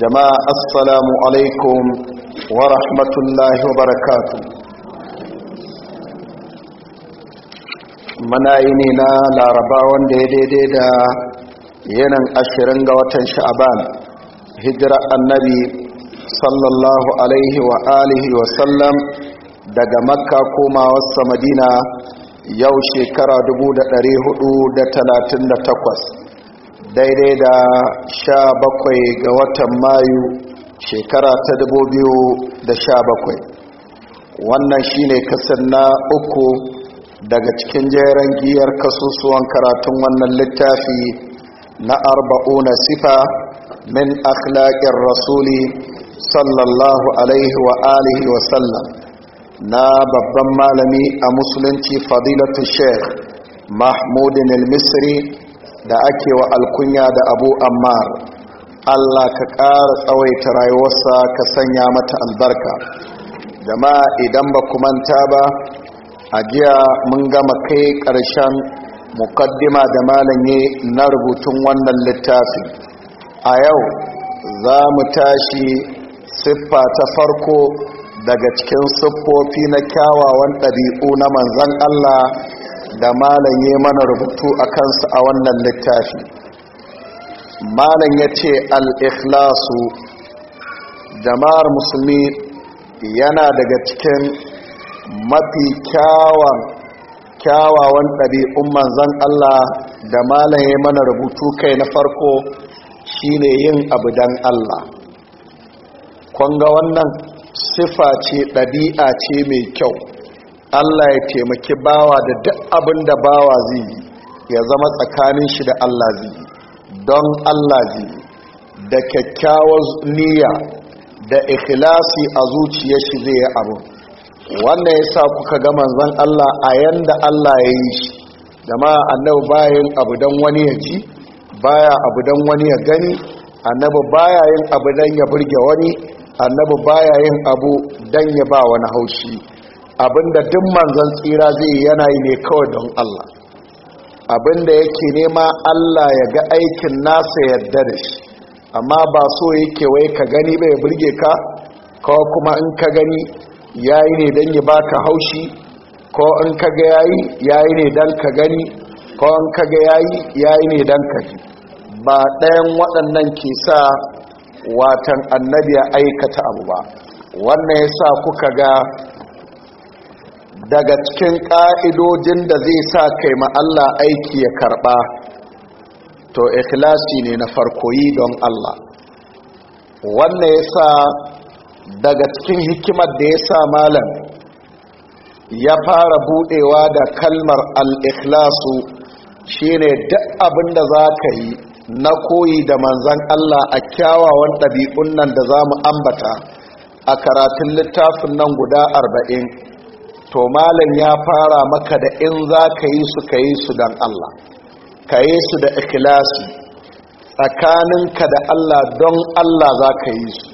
jama'a assalamu alaikum wa rahmatullahi wa barakatu mana yi ne na laraba wanda ya daidai da yanan ashirin ga watan sha'aban hijira annabi sallallahu alaihi wa alihi wa sallam daga makka komawarsa madina yau shekara 438 daidai da sha bakwai ga watan mayu shekara ta dubu biyu da sha bakwai wannan shine kasar na uku daga cikin jeren giyar kasusuwan karatun wannan littafi na arba'una sifa min akhlaƙin rasuli sallallahu alaihi wa alihi wa sallam na babban malami a musulunci fadilatu sheikh mahmudin al-misri da ake wa alkunya da abu ammar allah ka ƙara tsawaita rayuwarsa ka sanya mata albarka jama'a idan ba manta ba a jiya mun gama kai ƙarshen mukaddima da malami na rubutun wannan littafi a yau za mu tashi siffa ta farko daga cikin siffofi na kyawawan ɗabi'u na manzan allah da malam ya mana rubutu a kansu a wannan littafi malam ya ce al'ikhlasu jama'ar musulmi yana daga cikin mafi kyawan kyawawan ɗabi'un manzan Allah da malam ya mana rubutu kai na farko shine yin abu don Allah kwanga wannan sifa ce ɗabi'a ce mai kyau Allah ya taimaki bawa da duk abin da bawa zai yi ya zama tsakanin shi da Allah zai don Allah zai da kyakkyawar niyya da ikhlasi a zuciyar shi zai yi abu wannan ya sa kuka ga manzon Allah a yanda Allah ya yi shi jama'a annabi bayan abu don wani ya ji baya abu don wani ya gani annabi baya yin abu don ya burge wani annabi baya yin abu don ya ba wani haushi abinda duk manzan tsira zai yana yi ne kawai don Allah abinda yake nema Allah ya ga aikin nasa yadda da shi amma ba so yake wai ka gani bai burge ka ko kuma in ka gani yayi ne don ya baka haushi ko in ka ga yayi yayi ne don ka gani ko in ka ga yayi yayi ne don ka ji ba ɗayan waɗannan ke sa watan annabi ya aikata abu ba wannan ya sa kuka ga daga cikin ƙa'idojin da zai sa kai Allah aiki ya karɓa to ikhlasi ne na farko yi don Allah wannan ya sa daga cikin hikimar da ya sa malam ya fara buɗewa da kalmar al'ikhlasu shi ne duk abin da za ka yi na koyi da manzan Allah a kyawawan ɗabi'un nan da za mu ambata a karatun littafin nan guda arba'in to malam ya fara maka da in za ka yi su ka yi su don Allah ka yi su da ikhlasi tsakaninka da Allah don Allah za ka yi su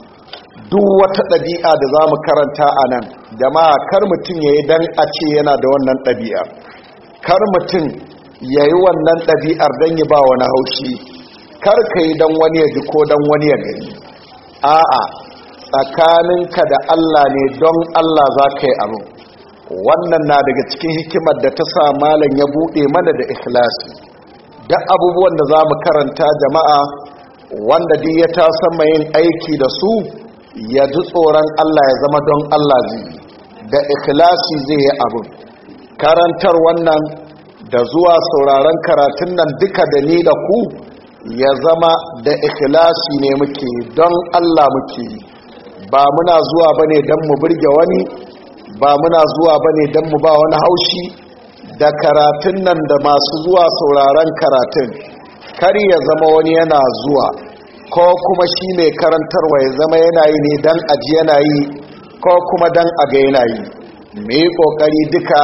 duk wata ɗabi'a da za mu karanta a nan jama'a kar mutum ya yi don a ce yana da wannan ɗabi'a kar mutum ya yi wannan ɗabi'ar don yi ba wani haushi kar ka yi don wani ya ji ko don wani ya gani a'a tsakaninka da Allah ne don Allah za ka yi abin wannan na daga cikin hikimar da ta sa malam ya buɗe mana da ikhlasi da abubuwan da za mu karanta jama'a wanda duk ya tasa yin aiki da su ya ji tsoron allah ya zama don allah zai da ikhlasi zai yi abu. karantar wannan da zuwa sauraron karatun nan duka da ni da ku ya zama da ikhlasi ne muke don allah muke ba muna zuwa bane don mu burge wani ba muna zuwa ba ne don mu ba wani haushi da karatun nan da masu zuwa sauraron karatun kar ya zama wani yana zuwa ko kuma shi mai karantarwa ya zama yana yi ne don aji yana yi ko kuma don aga yana yi mai kokari duka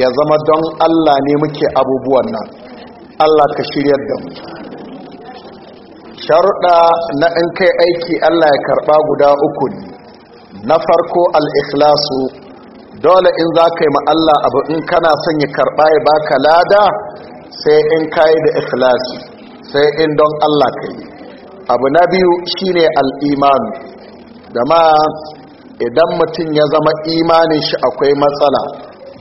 ya zama don allah ne muke abubuwan nan allah ka shiryar da mu sharuɗa na in kai aiki allah ya karɓa guda uku ne na farko al'ikhlasu dole in za ka yi ma'alla abu in kana son ya karɓa ya baka lada sai in ka yi da ikhlasi sai in don Allah ka yi abu na biyu shine al'imanu da ma idan mutum ya zama imanin shi akwai matsala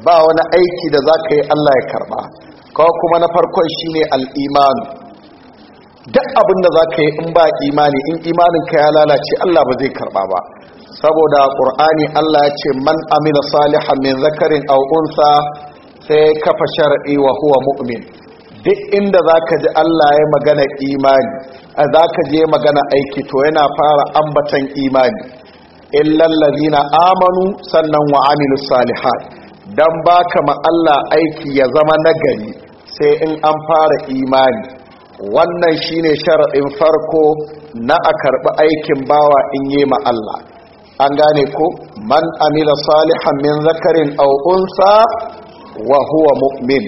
ba wani aiki da za ka yi Allah ya karɓa Ko kuma na farkon shine al'imanu duk abin da za ka yi in ba imani in imanin ka ya lalace Allah ba zai karɓa ba saboda ƙur'ani Allah ya ce man amila salihan min zakarin aw unsa sai kafa shar'i wa huwa mu'min duk inda zaka ji Allah ya magana imani a zaka je magana aiki to yana fara ambatan imani illal ladina amanu sannan wa amilus salihat dan baka ma Allah aiki ya zama nagari sai in an fara imani wannan shine sharadin farko na a karɓi aikin bawa in yi ma Allah an gane ko man amila salihan min zakarin aw unsa wa huwa mu'min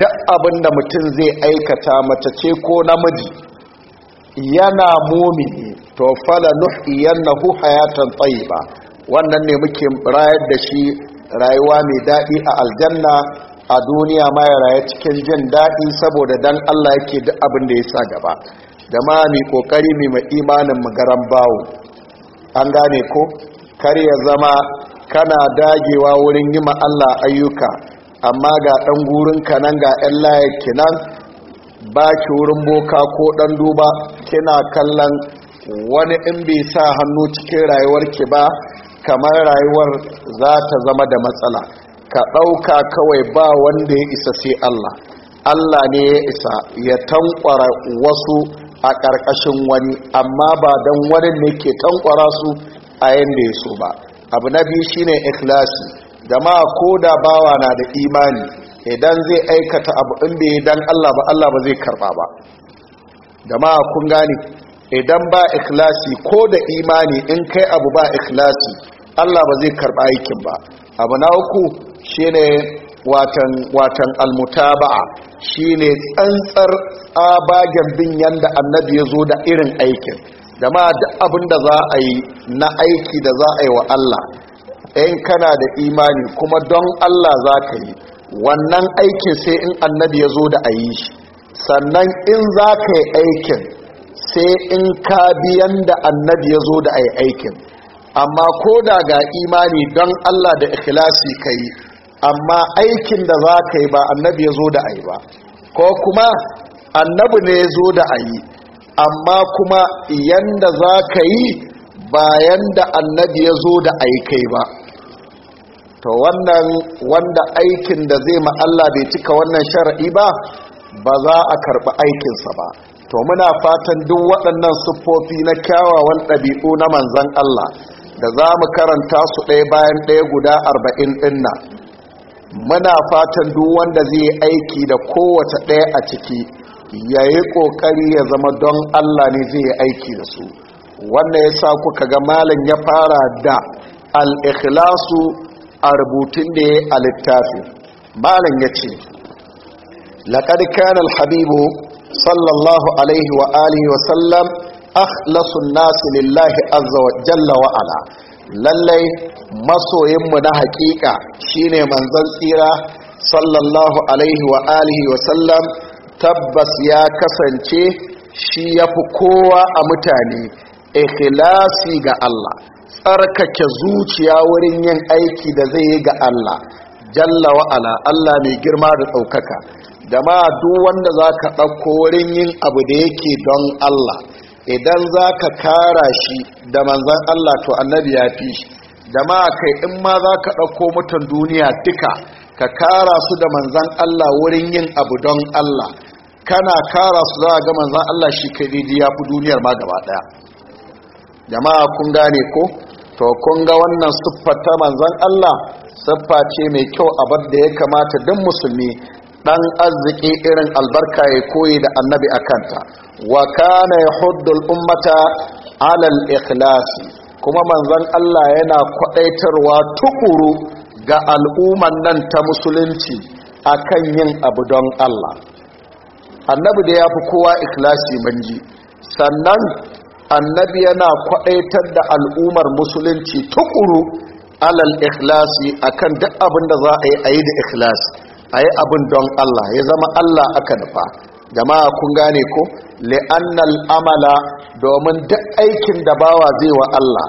duk abinda mutum zai aikata mace ce ko namiji yana mumini to fala nuhiyannahu hayatan tayyiba wannan ne muke rayar da shi rayuwa mai dadi a aljanna a duniya ma ya raye cikin jin dadi saboda dan Allah yake duk abinda da ya sa gaba jama'a mi kokari mai imanin mu garan bawo an gane ko kar ya zama kana dagewa wurin yi Allah ayyuka amma ga ɗan gurin kanan ga 'yan layar kinan ba ki wurin boka ko ɗan duba kina kallon wani in bai sa hannu cikin rayuwar ki ba kamar rayuwar za ta zama da matsala ka ɗauka kawai ba wanda ya isa sai Allah Allah ne ya isa ya tankwara wasu a ƙarƙashin wani amma ba don wani ne ke tankwara su a yadda ya so ba abu na biyu shine ikhlasi jama'a ko da bawa na da imani idan zai aikata abu inda ya dan Allah ba Allah ba zai karba ba jama'a kun gane idan ba ikhlasi ko da imani in kai abu ba ikhlasi Allah ba zai karba aikin ba abu na uku shine watan watan almutaba'a shine tsantsar tsabagen bin yanda annabi ya zo da irin aikin ma duk abin da za a yi na aiki da za a yi wa Allah in kana da imani kuma don Allah za ka yi wannan aikin sai in annabi ya zo da a yi shi sannan in za ka yi aikin sai in ka biyan da annabi ya zo da a yi aikin amma ko da ga imani don Allah da ikhlasi ka yi amma aikin da za ka yi ba annabi ya zo da ayi ba ko kuma annabi ne ya zo da ayi amma kuma yanda za ka yi bayan da annabi ya zo da aikai ba to wannan wanda aikin da zai ma Allah bai cika wannan shara'i ba ba za a karɓi aikinsa ba to muna fatan duk waɗannan siffofi na kyawawan ɗabi'u na manzan Allah da za mu karanta su ɗaya bayan ɗaya guda arba'in ɗinna muna fatan duk wanda zai yi aiki da kowace ɗaya a ciki ya yi ƙoƙari ya zama don allah ne zai yi aiki da su wannan ya sa kuka ga malin ya fara da al'ikhlasu a rubutun da ya a littafi. malin ya ce laƙar kanal habibu sallallahu alaihi wa wasallam akhlasun nasu lillahi azza wa jalla wa'ala lallai masoyinmu na hakika shine manzon tsira sallallahu alaihi wa alihi wa sallam tabbas ya kasance shi ya fi kowa a mutane ikhlasi ga Allah tsarkake zuciya wurin yin aiki da zai yi ga Allah jalla wa'ala Allah mai girma da ɗaukaka da duk wanda za ka ɗauko wurin yin abu da yake don Allah idan za ka kara shi da manzan Allah to annabi ya fi shi da ma kai in ma za ka ɗauko mutan duniya duka ka kara su da manzan Allah wurin yin abu don Allah kana kara su za a ga manzan Allah shi kai daidai ya fi duniyar ma gaba ɗaya jama'a kun gane ko to kun ga wannan siffa ta manzan Allah siffa ce mai kyau abar da ya kamata don musulmi dan arziki irin albarka ya koyi da annabi a kanta wa kana ya huddul ummata alal ikhlasi kuma manzan Allah yana kwadaitarwa tukuru ga al'umman nan ta musulunci akan yin abu don Allah annabi da ya fi kowa ikhlasi manji sannan annabi yana kwadaitar da al'umar musulunci tukuru alal ikhlasi akan duk abin da za a yi a da ikhlasi a yi abin don Allah ya zama Allah aka nufa jama'a kun gane ko li'annal amala domin duk aikin da bawa zai wa Allah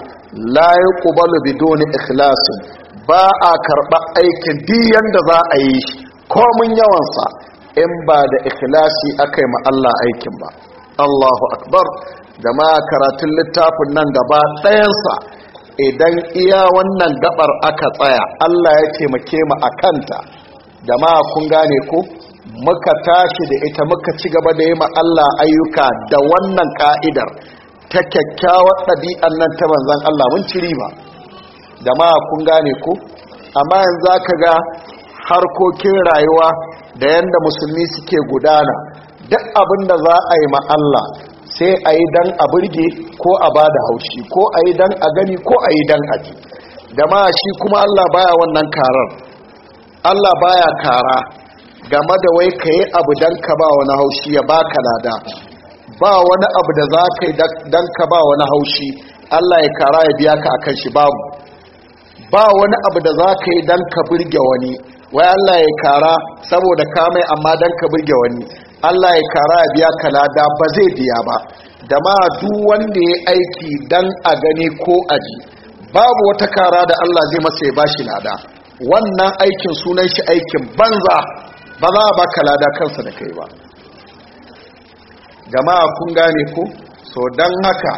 la yuqbalu biduni ikhlasin ba a karba aikin diyan da za a yi yawan yawansa in ba da ikhlasi akai ma Allah aikin ba Allahu akbar jama'a karatun littafin nan gaba ɗayansa idan iya wannan gabar aka tsaya Allah ya taimake mu akanta jama'a kun gane ko muka tashi da ita muka ci gaba da yi ma Allah ayyuka da wannan ka'idar ta kyakkyawar ɗabi'an nan ta manzan Allah mun ci riba jama'a kun gane ko amma yanzu ka ga harkokin rayuwa da yanda musulmi suke gudana duk abin da za a yi ma Allah sai a yi dan a burge ko a ba da haushi ko a yi dan a gani ko a yi dan a ji da ma shi kuma Allah baya wannan karar Allah baya kara game da wai ka yi abu don ka ba wani haushi ya baka lada ba wani abu da za ka yi don ka ba wani haushi Allah ya kara ya biya ka akan shi babu ba wani abu da za ka yi don ka birge wani wai Allah ya kara saboda kamai amma don ka birge wani Allah ya kara ya biya ka lada ba zai biya ba da ma duk wanda ya aiki don a gani ko aji babu wata kara da Allah zai masa ya bashi lada wannan aikin sunan shi aikin banza ba za a baka lada kansa da kai ba jama'a kun gane ko so don haka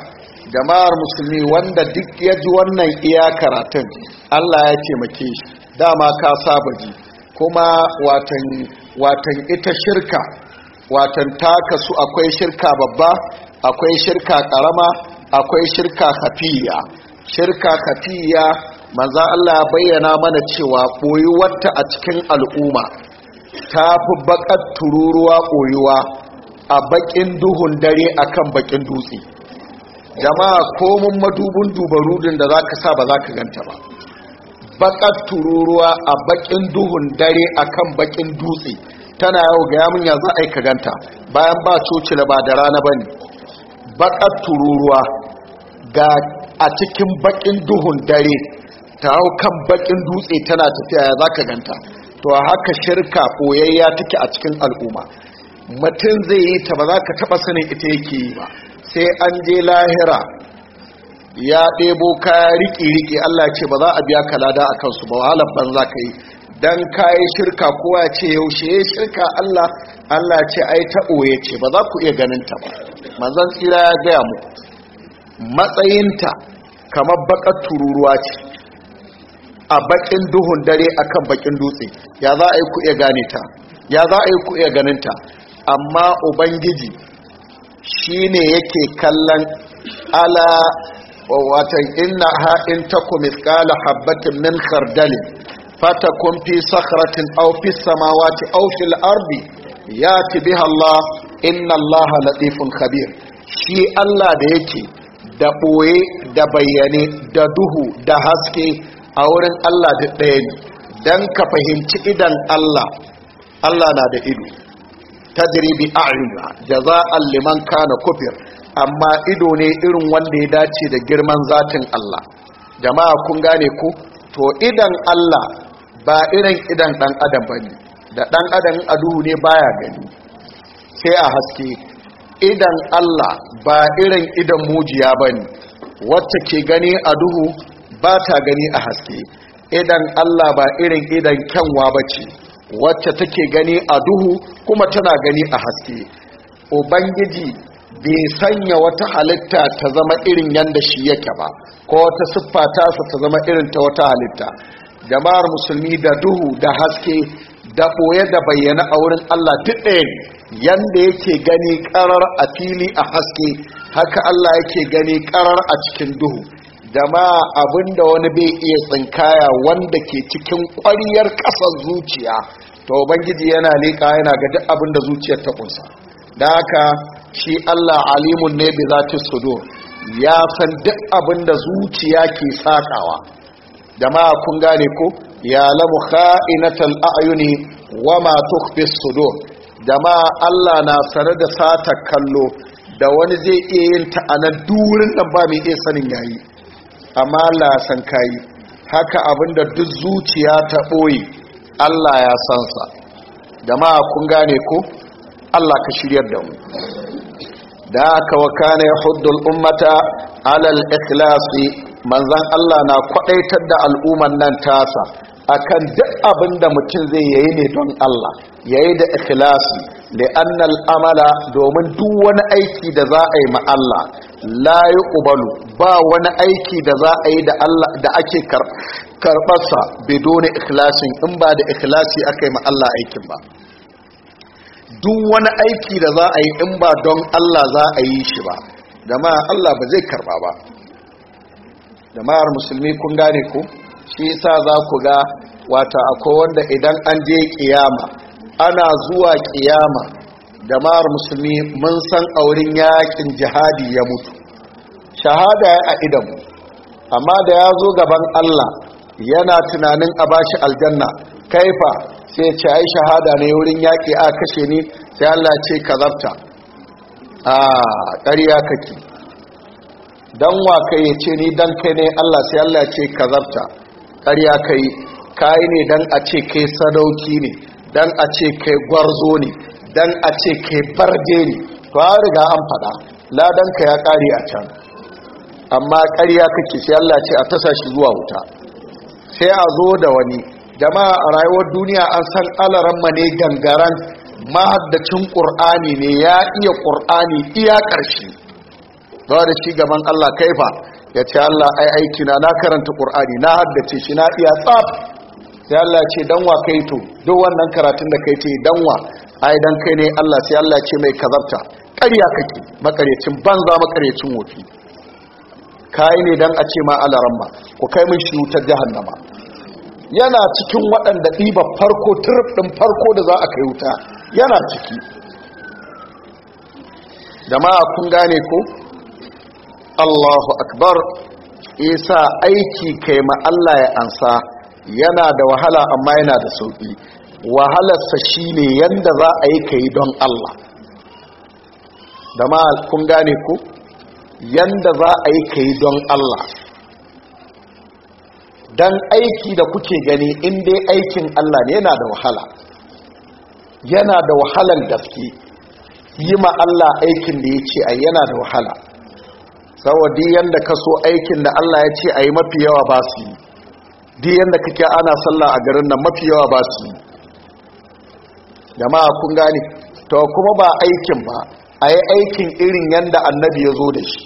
jama'ar musulmi wanda duk ya ji wannan iya karatun allah ya taimake shi dama ka saba ji kuma watan ita shirka watan taka su akwai shirka babba akwai shirka karama akwai shirka hafiya shirka hafiya manzan Allah ya bayyana mana cewa ɓoyuwarta a cikin al'umma ta fi baƙar tururuwa ɓoyuwa a baƙin duhun dare a kan baƙin dutse jama'a komin madubin dubarudin da za ka sa ba za ka ganta ba baƙar tururuwa a baƙin duhun dare a kan baƙin dutse tana yau ga yamin yanzu ka ganta bayan ba na ba da rana ba ne baƙar tururuwa ga a cikin baƙin duhun dare ta hau kan bakin dutse tana tafiya ya zaka ganta to haka shirka koyayya take a cikin al'umma mutum zai yi ta ba za ka taba sanin ita yake yi ba sai an je lahira ya ɗebo kaya riƙi-riƙi Allah ce ba za a biya ka lada a kansu ba wahalar ban za ka yi don kayi shirka kowa ce yaushe ya shirka Allah Allah ce ai ta ɓoye ce ba za ku iya ganin ta ba manzan tsira ya gaya mu matsayinta kamar baƙar tururuwa ce a bakin duhun dare akan bakin dutse ya za a yi ku iya gane ta ya za a yi ku iya ganin ta amma ubangiji shine yake kallon ala watan inna ha in taku mithqala habatin min khardalin fatakun fi sakhratin aw fi samawati aw fil ardi yati biha Allah inna Allah latifun khabir shi Allah da yake da boye da bayyane da duhu da haske a wurin Allah da ɗaya ne don ka fahimci idan Allah Allah na da ido ta jiribi a'ina jaza'an liman kana kufir amma ido ne irin wanda ya dace da girman zatin Allah jama'a kun gane ku to idan Allah ba irin idan ɗan adam ba ne da ɗan adam a duhu ne baya gani sai a haske idan Allah ba irin idan mujiya ba ne wacce ke gani a duhu ba ta gani a haske idan Allah ba irin idan kyanwa ba ce wacce take gani a duhu kuma tana gani a haske ubangiji bai sanya wata halitta ta zama irin yanda shi yake ba ko wata siffa sa ta zama irin ta wata halitta jama'ar musulmi da duhu da haske da ɓoye da bayyana a wurin Allah duk tuɗin yadda yake gani ƙarar a fili a haske haka Allah yake gani ƙarar a cikin duhu da ma abinda wani bai iya tsinkaya wanda ke cikin ƙwariyar ƙasan zuciya to bangiji yana leƙa yana ga duk abinda zuciyar ta kunsa da haka shi Allah alimun ne bi zati sudur ya san duk abinda zuciya ke sakawa da ma kun gane ko ya lamu kha'inatal a'yuni wa ma tukhfi sudur da ma Allah na sare da sata kallo da wani zai iya yin ta a durin nan ba mai iya sanin yayi amma Allah ya san kai haka abinda duk zuciya ta ɓoye Allah ya san sa jama'a kun gane ko Allah ka shiryar da mu da aka wakana ya huddul ummata al ikhlasi manzan Allah na kwadaitar da al'umman nan tasa akan duk abinda mutum zai yayi ne don Allah yayi da ikhlasi li'anna amala domin duk wani aiki da za a yi ma Allah la yuqbalu ba wani aiki da za a yi da Allah da ake karbarsa bidone ikhlasin in ba da ikhlasi aka yi ma Allah aikin ba duk wani aiki da za a yi in ba don Allah za a yi shi ba dama Allah ba zai karba ba jama'ar musulmi kun gane ku shi yasa za ku ga wata akwai wanda idan an je kiyama ana zuwa kiyama jama'ar musulmi mun san aurin yakin jihadi ya mutu shahada ya a idanmu amma da ya zo gaban Allah yana tunanin a bashi aljanna kaifa sai ce ai shahada ne wurin yaƙi a kashe ni sai Allah ce ka kazabta a ƙarya kake dan wa kai ya ce ni dan kai ne Allah sai Allah ce ka kazabta ƙarya kai kai ne dan a ce kai sadauki ne dan a ce kai gwarzo ne dan a ce ke farje ne to a riga an faɗa ladanka ya ƙare a can amma ƙarya kake sai Allah ce a tasa shi zuwa wuta sai a zo da wani jama'a a rayuwar duniya an san ma ne gangaran mahaddacin ƙur'ani ne ya iya ƙur'ani iya ƙarshe ba da shi gaban Allah kaifa ya ce Allah ai aikina na karanta qur'ani na haddace shi na iya tsaf sai Allah ce danwa kai to duk wannan karatun da kai ce danwa ai dan kai ne Allah sai Allah ce mai kazarta ƙarya kake makarecin banza makarecin wofi kai ne dan a ce ma alaramma ku kai min shi ta jahannama yana cikin waɗanda ɗiba farko turf ɗin farko da za a kai wuta yana ciki jama'a kun gane ko Allahu akbar isa aiki kai ma Allah ya ansa yana da wahala amma yana da sauki wahalarsa shi ne yadda za a yi ka yi don Allah da ma kun gane ku yadda za a yi ka yi don Allah don aiki da kuke gani in dai aikin Allah ne yana da wahala yana da wahalar gaske yi ma Allah aikin da ya ce a yana da wahala saboda yadda ka so aikin da Allah ya ce a yi mafi yawa ba su yi diyan da kake ana sallah a garin nan mafi yawa ba su yi jama'a kun gane to kuma ba aikin ba a yi aikin irin yadda annabi ya zo da shi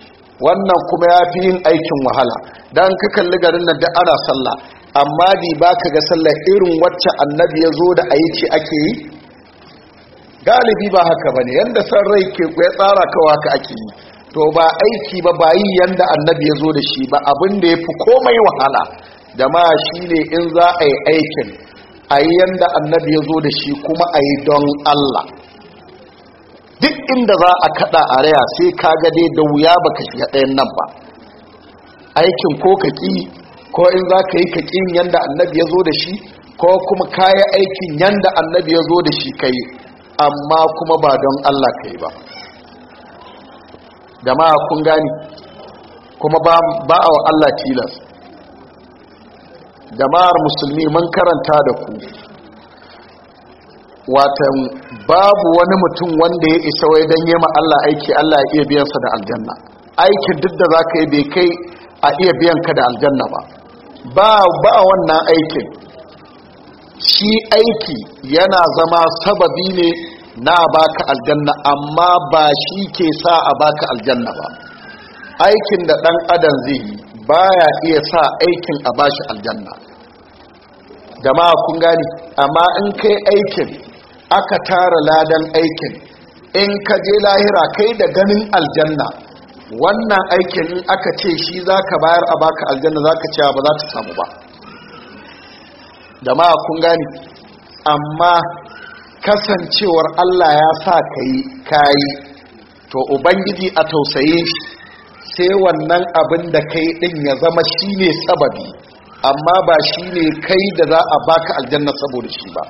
wannan kuma ya fi yin aikin wahala don ka kalli garin nan da ana sallah amma bi ba ka ga sallah irin wacce annabi ya zo da aiki ake yi galibi ba haka ba ne yadda san rai ke ya tsara kawa ka ake yi to ba aiki ba ba yi yadda annabi ya zo da shi ba abin da ya fi komai wahala jama'a shi ne in za a yi aikin a yi yanda annabi ya zo da shi kuma a yi don Allah duk inda za a kada a raya sai ka gade da wuya baka shiga ɗayan nan ba aikin ko ka ƙi ko in za ka yi ka ƙi yanda annabi ya zo da shi ko kuma ka yi aikin yanda annabi ya zo da shi ka yi amma kuma ba don Allah ka yi ba jama'a kun gani kuma ba a wa Allah tilas jama'ar musulmi mun karanta da ku watan babu wani mutum wanda ya isa wai don yi Allah aiki Allah ya iya biyansa da aljanna aikin duk da za ka yi bai kai a iya biyan ka da aljanna ba ba ba wannan aikin shi aiki yana zama sababi ne na baka aljanna amma ba shi ke sa a baka aljanna ba aikin da dan adam zai yi baya iya sa aikin a bashi aljanna jama'a kun gani amma in kai aikin aka tara ladan aikin in ka je lahira kai da ganin aljanna wannan aikin in aka ce shi za ka bayar a baka aljanna za ka cewa ba za ta samu ba jama'a kun gani amma kasancewar allah ya sa ka yi kayi to ubangiji a tausaye shi sai wannan abin da kai din ya zama shi ne sababi amma ba shi ne kai da za a baka aljanna saboda shi ba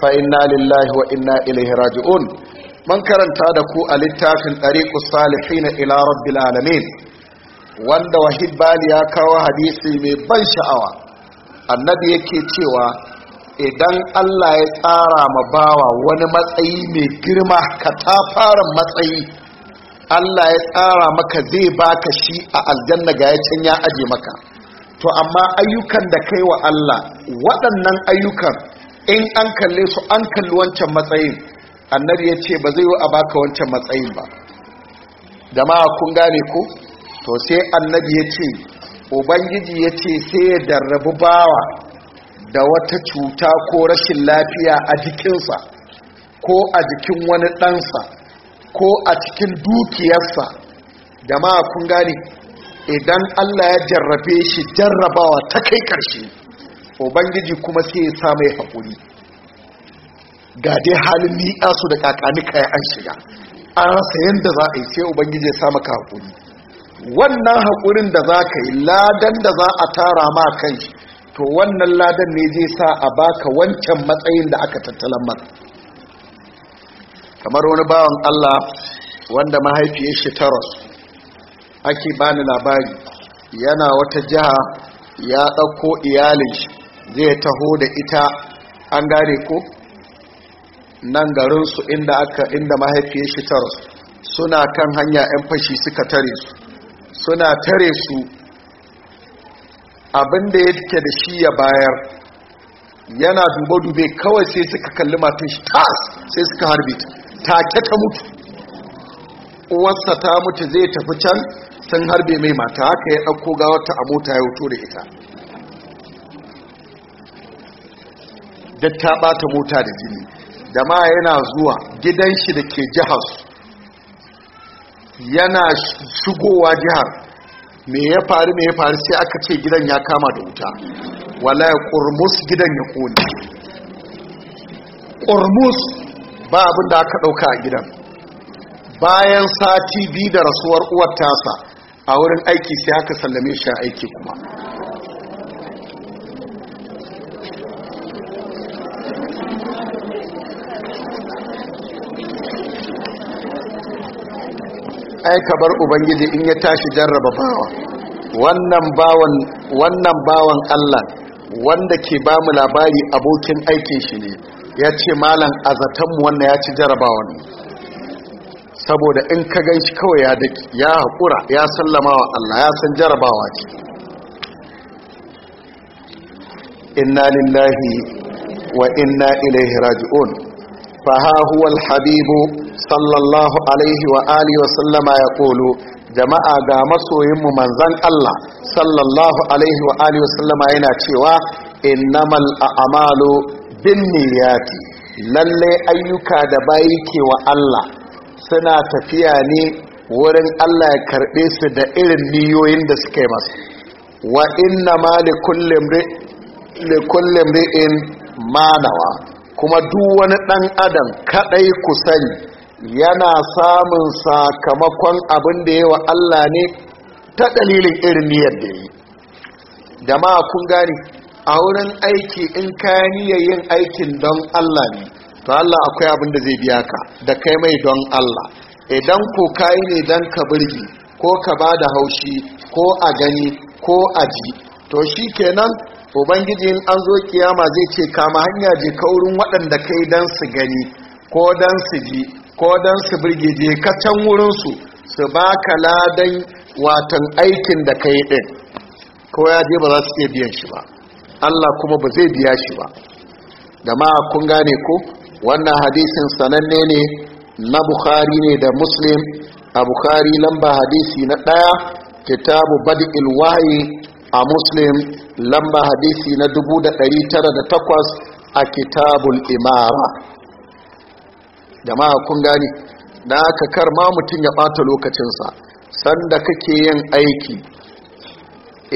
fa inna lillahi wa inna ilaihi raji'un man karanta da ku a littafin tariqus salihin na rabbil alamin wanda wahid bali ya kawo hadisi mai ban sha'awa annabi yake cewa idan Allah ya tsara ma bawa wani matsayi mai girma katafaren matsayi Allah ya tsara maka zai baka shi a aljanna ga ya can ya aje maka to amma ayyukan da kai wa Allah waɗannan ayyukan in an kalle su an kalli wancan matsayin annabi ya ce ba zai yi a baka wancan matsayin ba jama'a kun gane ku? to sai annabi ya ce ubangiji ya ce sai ya darrabu bawa da wata cuta ko rashin lafiya a jikinsa ko a jikin wani ɗansa ko a cikin dukiyarsa jama'a kun gane idan Allah ya jarrabe shi jarrabawa ta kai ƙarshe ubangiji kuma sai ya sa mai haƙuri ga dai halin ni'a su da kakanika ya an shiga an rasa yadda za a yi sai ubangiji ya sa maka haƙuri wannan haƙurin da za ka yi ladan da za a tara ma kai to wannan ladan ne zai sa a baka wancan matsayin da aka tattalan maka kamar wani bawan Allah wanda mahaifiyar shi ta rasu ake bani labari yana wata jiha ya ɗauko iyalin shi zai taho da ita an gane ko nan garinsu inda aka inda mahaifiyar shi suna kan hanya 'yan fashi suka tare su suna tare su abinda ya ke da shi ya bayar yana dubo dube kawai sai suka kalli matan shi tas sai suka harbe ta take ta mutu uwarsa ta mutu zai tafi can sun harbe mai mata haka ya ɗauko gawarta a mota ya wuto da ita da ta ɓata mota da jini da ma yana zuwa gidan shi da ke jihar yana shigowa jihar me ya faru me ya faru sai aka ce gidan ya kama da wuta wala ya ƙurmus gidan ya ƙone ƙurmus ba abin da aka ɗauka a gidan bayan sati biyu da rasuwar uwar tasa a wurin aiki sai haka sallame shi a aiki kuma ka bar ubangiji in ya tashi jarraba bawa wannan bawan wannan bawan Allah wanda ke ba mu labari abokin aikin shi ne ya ce malam a mu wannan ya ci jarrabawa ne saboda in ka gan shi kawai ya daki ya haƙura ya sallama wa Allah ya san jarabawa ce inna lillahi wa inna ilaihi raji'un fa ha huwa alhabibu sallallahu alaihi wa alihi wa sallama ya qulu jama'a ga masoyinmu manzan Allah sallallahu alaihi wa alihi wa sallama yana cewa innamal a'malu binniyati lalle ayyuka da bayi ke wa Allah suna tafiya ne wurin Allah ya karɓe su da irin niyoyin da suke masu wa inna ma kullum ri'in manawa kuma duk wani ɗan adam kaɗai ku sani yana samun sakamakon abin da yawa Allah ne ta dalilin irin niyyar da yi da ma kun gani a wurin aiki in kayan yin aikin don Allah ne to Allah akwai abin da zai biya ka da kai mai don Allah idan ko kai ne dan ka burgi ko ka ba da haushi ko a gani ko a ji to shi kenan ubangiji in an zo kiyama zai ce kama hanya je kaurin waɗanda kai dan su gani ko dan su ji ko dan su burge je ka can wurinsu su baka ladan watan aikin da kai din ko ya je ba za su iya biyan shi ba Allah kuma ba zai biya shi ba da ma kun gane ko wannan hadisin sananne ne na bukhari ne da muslim a bukhari lamba hadisi na ɗaya kitabu badi wayi a muslim lamba hadisi na 1908 a kitabul imara jama'a kun gani da aka ma mutum ya ɓata lokacinsa sanda kake yin aiki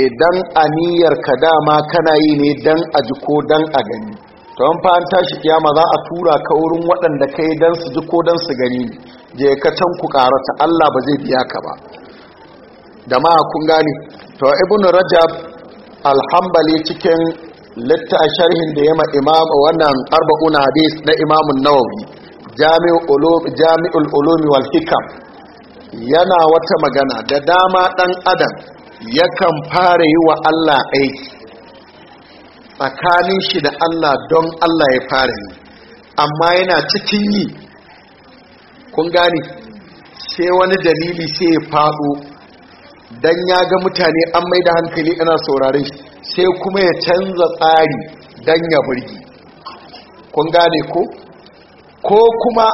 idan aniyar ka dama kana yi ne dan a ji ko dan a gani kamar fa an tashi kiyama za a tura ka wurin waɗanda ka yi don su ji ko don su gani je ka can ku karata Allah ba zai biya ka ba da ma kun gane to ibn rajab alhambali cikin litta sharhin da yama imam wannan arba'una hadis na imam nawawi jami'u ulum jami'ul ulum wal hikam yana wata magana da dama dan adam yakan fara yi wa Allah aiki tsakanin shi da Allah don Allah ya fara yi amma yana cikin yi kun gane sai wani dalili sai ya faɗo don ya ga mutane an mai da hankali ana saurare shi sai kuma ya canza tsari don ya burgi kun gane ko ko kuma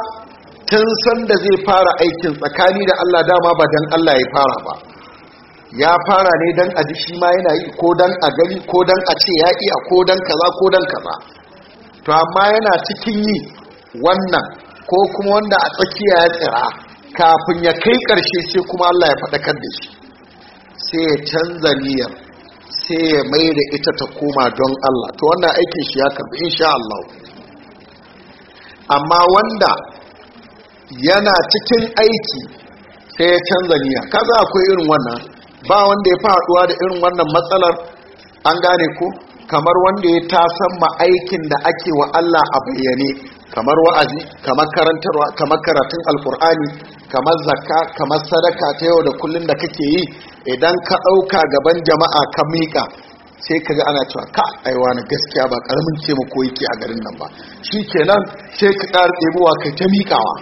tun sanda zai fara aikin tsakani da Allah dama ba don Allah ya fara ba ya fara ne don a shi ma yana yi ko don a gani ko don a ce ya iya ko don kaza ko don kaza to amma yana cikin yi wannan ko kuma wanda a tsakiya ya tsira kafin ya kai karshe sai kuma Allah ya faɗakar da shi sai ya canza niyyar sai ya mai da ita ta koma don Allah to wannan aikin shi ya karbi insha Allah amma wanda yana cikin aiki sai ya canza niyya kaza akwai irin wannan ba wanda ya fi haduwa da irin wannan matsalar an gane ku kamar wanda ya tasan aikin da ake wa Allah a bayyane kamar wa'azi kamar karantarwa kamar karatun alkur'ani kamar zakka kamar sadaka ta yau da kullun da kake yi idan ka ɗauka gaban jama'a ka miƙa sai ka ga ana cewa ka aiwa na gaskiya ba ƙaramin ce mu ko yake a garin nan ba shi kenan sai ka ƙara ɗebowa kai ta mikawa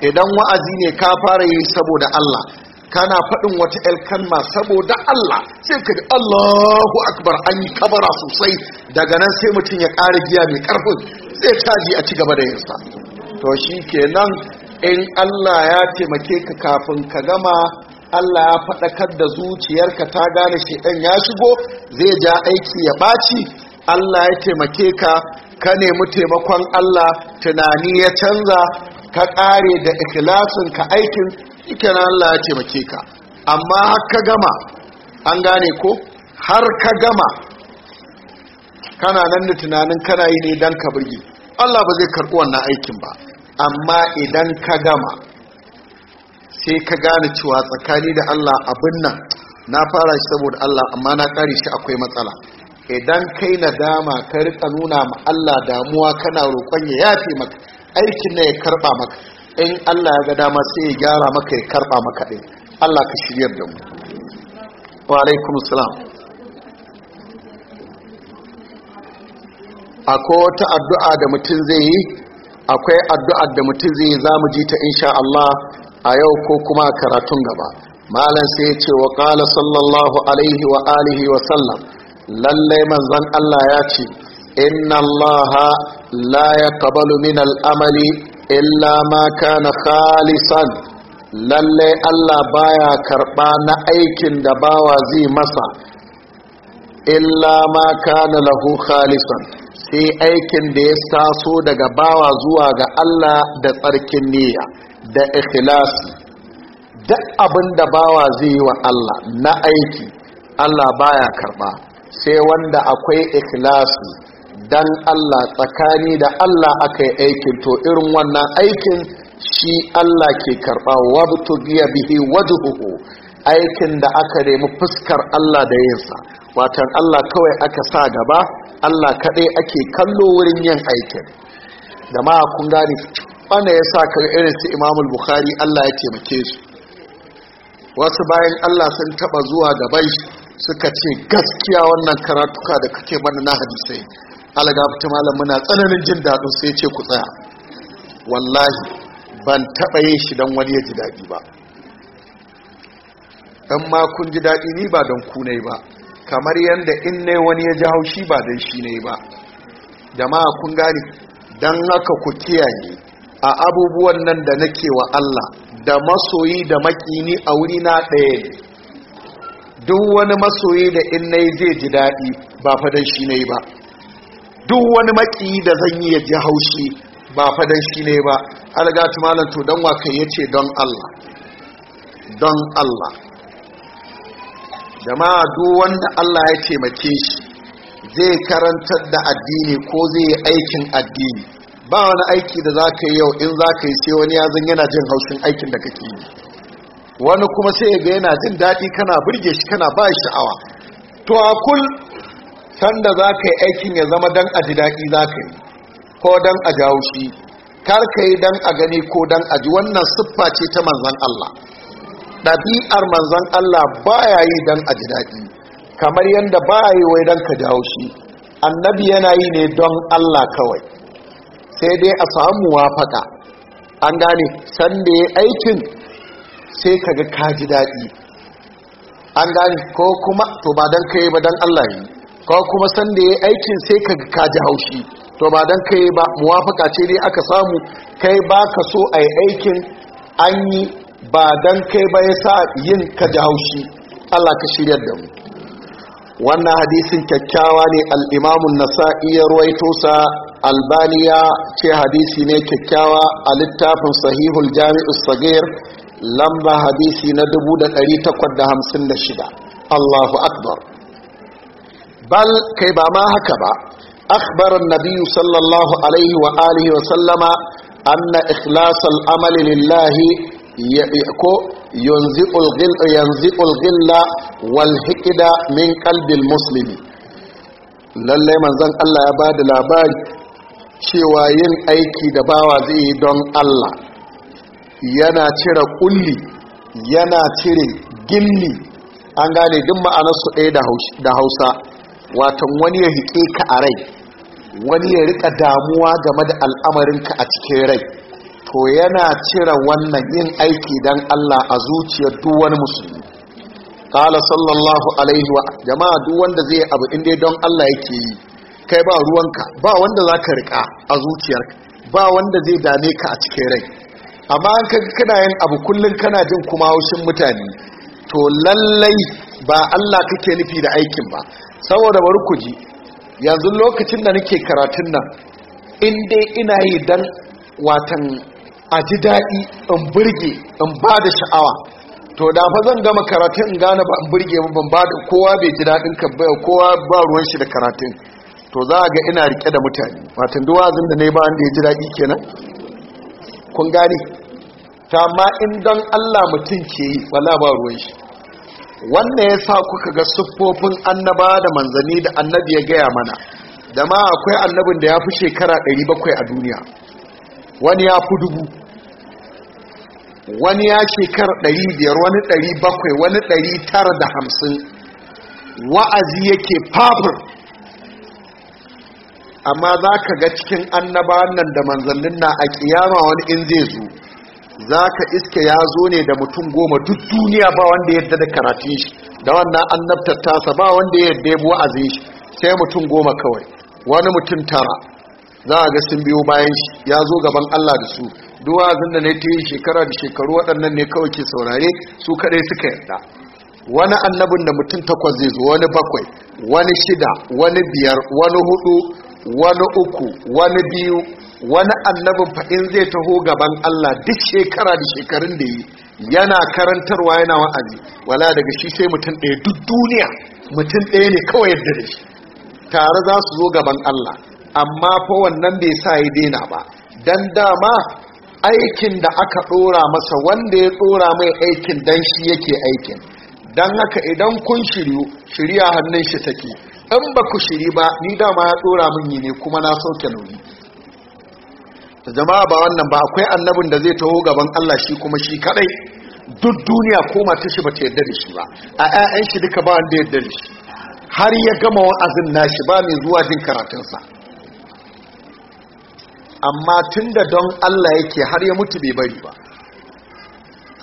idan wa'azi ne ka fara yi saboda Allah kana faɗin wata kalma saboda Allah sai ka Allahu akbar an yi kabara sosai daga nan sai mutum ya ƙara giya mai ƙarfin sai caji a ci gaba da yinsa to shi kenan in Allah ya taimake ka kafin ka gama Allah ya faɗakar da zuciyarka ta gane shi, shedan ya shigo zai ja aiki ya ɓaci Allah ya taimake ka ka nemi taimakon Allah tunani ya canza ka ƙare da ikhlasin ka aikin ikina Allah ya taimake ka amma har ka gama an gane ko har ka gama kana nan da tunanin kana yi ne dan ka burge Allah ba zai karɓi wannan aikin ba amma idan ka gama sai ka gane cewa tsakani da Allah abin nan na fara shi saboda Allah amma na kare shi akwai matsala idan kai nadama ka rika nuna ma Allah damuwa kana roƙon ya yafe maka aikin ne ya karba maka in Allah ya ga dama sai ya gyara maka ya karba maka din Allah ka shiryar da mu wa alaikum salam akwai wata addu'a da mutum zai yi akwai addu'a da mutum zai yi za mu ji ta insha Allah a yau ko kuma a karatun gaba malam sai ya ce wa qala sallallahu alaihi wa alihi wa sallam lallai manzan Allah ya ce inna allaha لا يقبل من الأمل إلا ما كان خالصا baya karɓa na aikin da دباوا زي masa. Illa ma كان lahu خالصا sai aikin da ya taso daga bawa zuwa ga Allah da tsarkin niyya da ikhlasi duk abin da bawa zai yi wa Allah na aiki Allah baya karɓa sai wanda akwai ikhlasi dan Allah tsakani da Allah aka yi aikin to irin wannan aikin shi Allah ke karɓa wabtu biya bihi wajhuhu aikin da aka nemi fuskar Allah da yinsa watan Allah kawai aka sa gaba Allah kaɗai ake kallo wurin yin aikin jama'a kun gane wanda ya sa kar irin su imamul bukhari Allah ya taimake su wasu bayan Allah sun taɓa zuwa gaban shi suka ce gaskiya wannan karatuka da kake mana na hadisai algafta malam muna tsananin jin daɗin sai ce ku tsaya wallahi ban taɓa yin shi don wani ya ji daɗi ba ɗan makon ji daɗi ni ba don ku ba kamar yadda in ne wani ya ji haushi ba don shi ne ba Da ma kun gane don haka ku kiyaye a abubuwan nan da nake wa Allah da masoyi da makini a wuri na ɗaya ne duk wani masoyi da in na zai ji daɗi ba fadan shi ne ba duk wani maki da zan yi ya ji haushi ba fadan shi ne ba algatu malam to dan wakai yace don Allah don Allah jama'a duk wanda Allah ya taimake shi zai karantar da addini ko zai yi aikin addini ba wani aiki da za yi yau in zaka yi sai wani ya zan yana jin haushin aikin da kake yi wani kuma sai ya ga yana jin daɗi kana burge shi kana ba sha'awa to a sanda za ka yi aikin ya zama don a ji daɗi za ka yi ko don a jawo shi kar ka yi don a gani ko don a ji wannan siffa ce ta manzan Allah ɗabi'ar manzan Allah ba ya yi don a ji daɗi kamar yadda ba ya yi wai don ka jawo shi annabi yana yi ne don Allah kawai sai dai a samu wafaka an gane sanda ya aikin sai ka ga ka ji daɗi an gane ko kuma to ba don ka yi ba don Allah yi ko kuma san da yayi aikin sai ka ka ji haushi to ba dan kai ba muwafaka ce dai aka samu kai ba ka so ai aikin an yi ba dan kai ba yasa yin kaji haushi Allah ka shiryar da mu wannan hadisin kyakkyawa ne al an nasa'i ya ruwaito sa albaniya ce hadisi ne kyakkyawa a littafin sahihul jami'us Saghir lamba hadisi na 1856 Allahu akbar bal kai ba ma haka ba akhbaran nabiyyu sallallahu alaihi wa alihi wa anna ikhlasal amali lillahi ko yanziqul ghilla wal hikda min qalbil muslimi lalle manzon Allah ya ba da labari cewa yin aiki da bawa zai yi don Allah yana cire kulli yana cire gilli an gane duk ma'anarsu ɗaya da hausa watan wani ya hike ka a rai wani ya rika damuwa game da al'amarinka a cikin rai to yana cire wannan yin aiki don Allah a zuciyar duwan musulmi kala sallallahu alaihi wa jama'a duk wanda zai abu inda don Allah yake yi kai ba ruwanka ba wanda za ka rika a zuciyarka ba wanda zai dame ka a cikin rai amma an kaga kana yin abu kullum kana jin kuma haushin mutane to lallai ba Allah kake nufi da aikin ba saboda bari ku ji yanzu lokacin da nake karatun nan in dai ina yi dan watan a ji daɗi in burge in ba da sha'awa to da fa zan gama karatun in gane ba in burge ba ban ba da kowa bai ji daɗin ka ba kowa ba ruwan shi da karatun to za a ga ina rike da mutane watan zan da ne ba wanda ya ji daɗi kenan kun gane ta ma in don allah mutum ke yi wala ba ruwan shi wanda ya sa kuka ga siffofin annaba da manzani da annabi ya gaya mana da ma akwai annabin da ya fi shekara 700 a duniya wani ya fi dubu wani ya shekara 500 wani 700 wani 950 wa'azi yake fafir amma za ka ga cikin annaba nan da manzannin na a kiyama wani in zai zo za ka iske ya zo ne da mutum goma duk duniya ba wanda yadda da karatun shi da wannan annabtar sa ba wanda yadda ya wa'azin shi sai mutum goma kawai wani mutum tara za a ga sun biyo bayan shi ya zo gaban Allah da su duwazin da na ta yi shekara da shekaru waɗannan ne kawai ke saurare su kaɗai suka yarda wani annabin da mutum takwas zai zo wani bakwai wani shida wani biyar wani hudu wani uku wani biyu wani annabin faɗin zai taho gaban Allah duk shekara da shekarun da yi yana karantarwa yana wa'azi wala daga shi sai mutum ɗaya duk duniya mutum ɗaya ne kawai yadda da shi tare za su zo gaban Allah amma fa wannan bai sa ya daina ba dan dama aikin da aka ɗora masa wanda ya ɗora mai aikin dan shi yake aikin dan haka idan kun shiryu shirya hannun shi take in ba ku shiri ba ni dama ya ɗora min yi ne kuma na sauke nauyi jama'a ba wannan ba akwai annabin da zai taho gaban Allah shi kuma shi kadai duk duniya ko shi bata yarda da shi ba a ƴaƴan shi duka ba wanda yarda da shi har ya gama wa'azin nashi ba mai zuwa jin karatun sa. amma tunda don Allah yake har ya mutu bai bari ba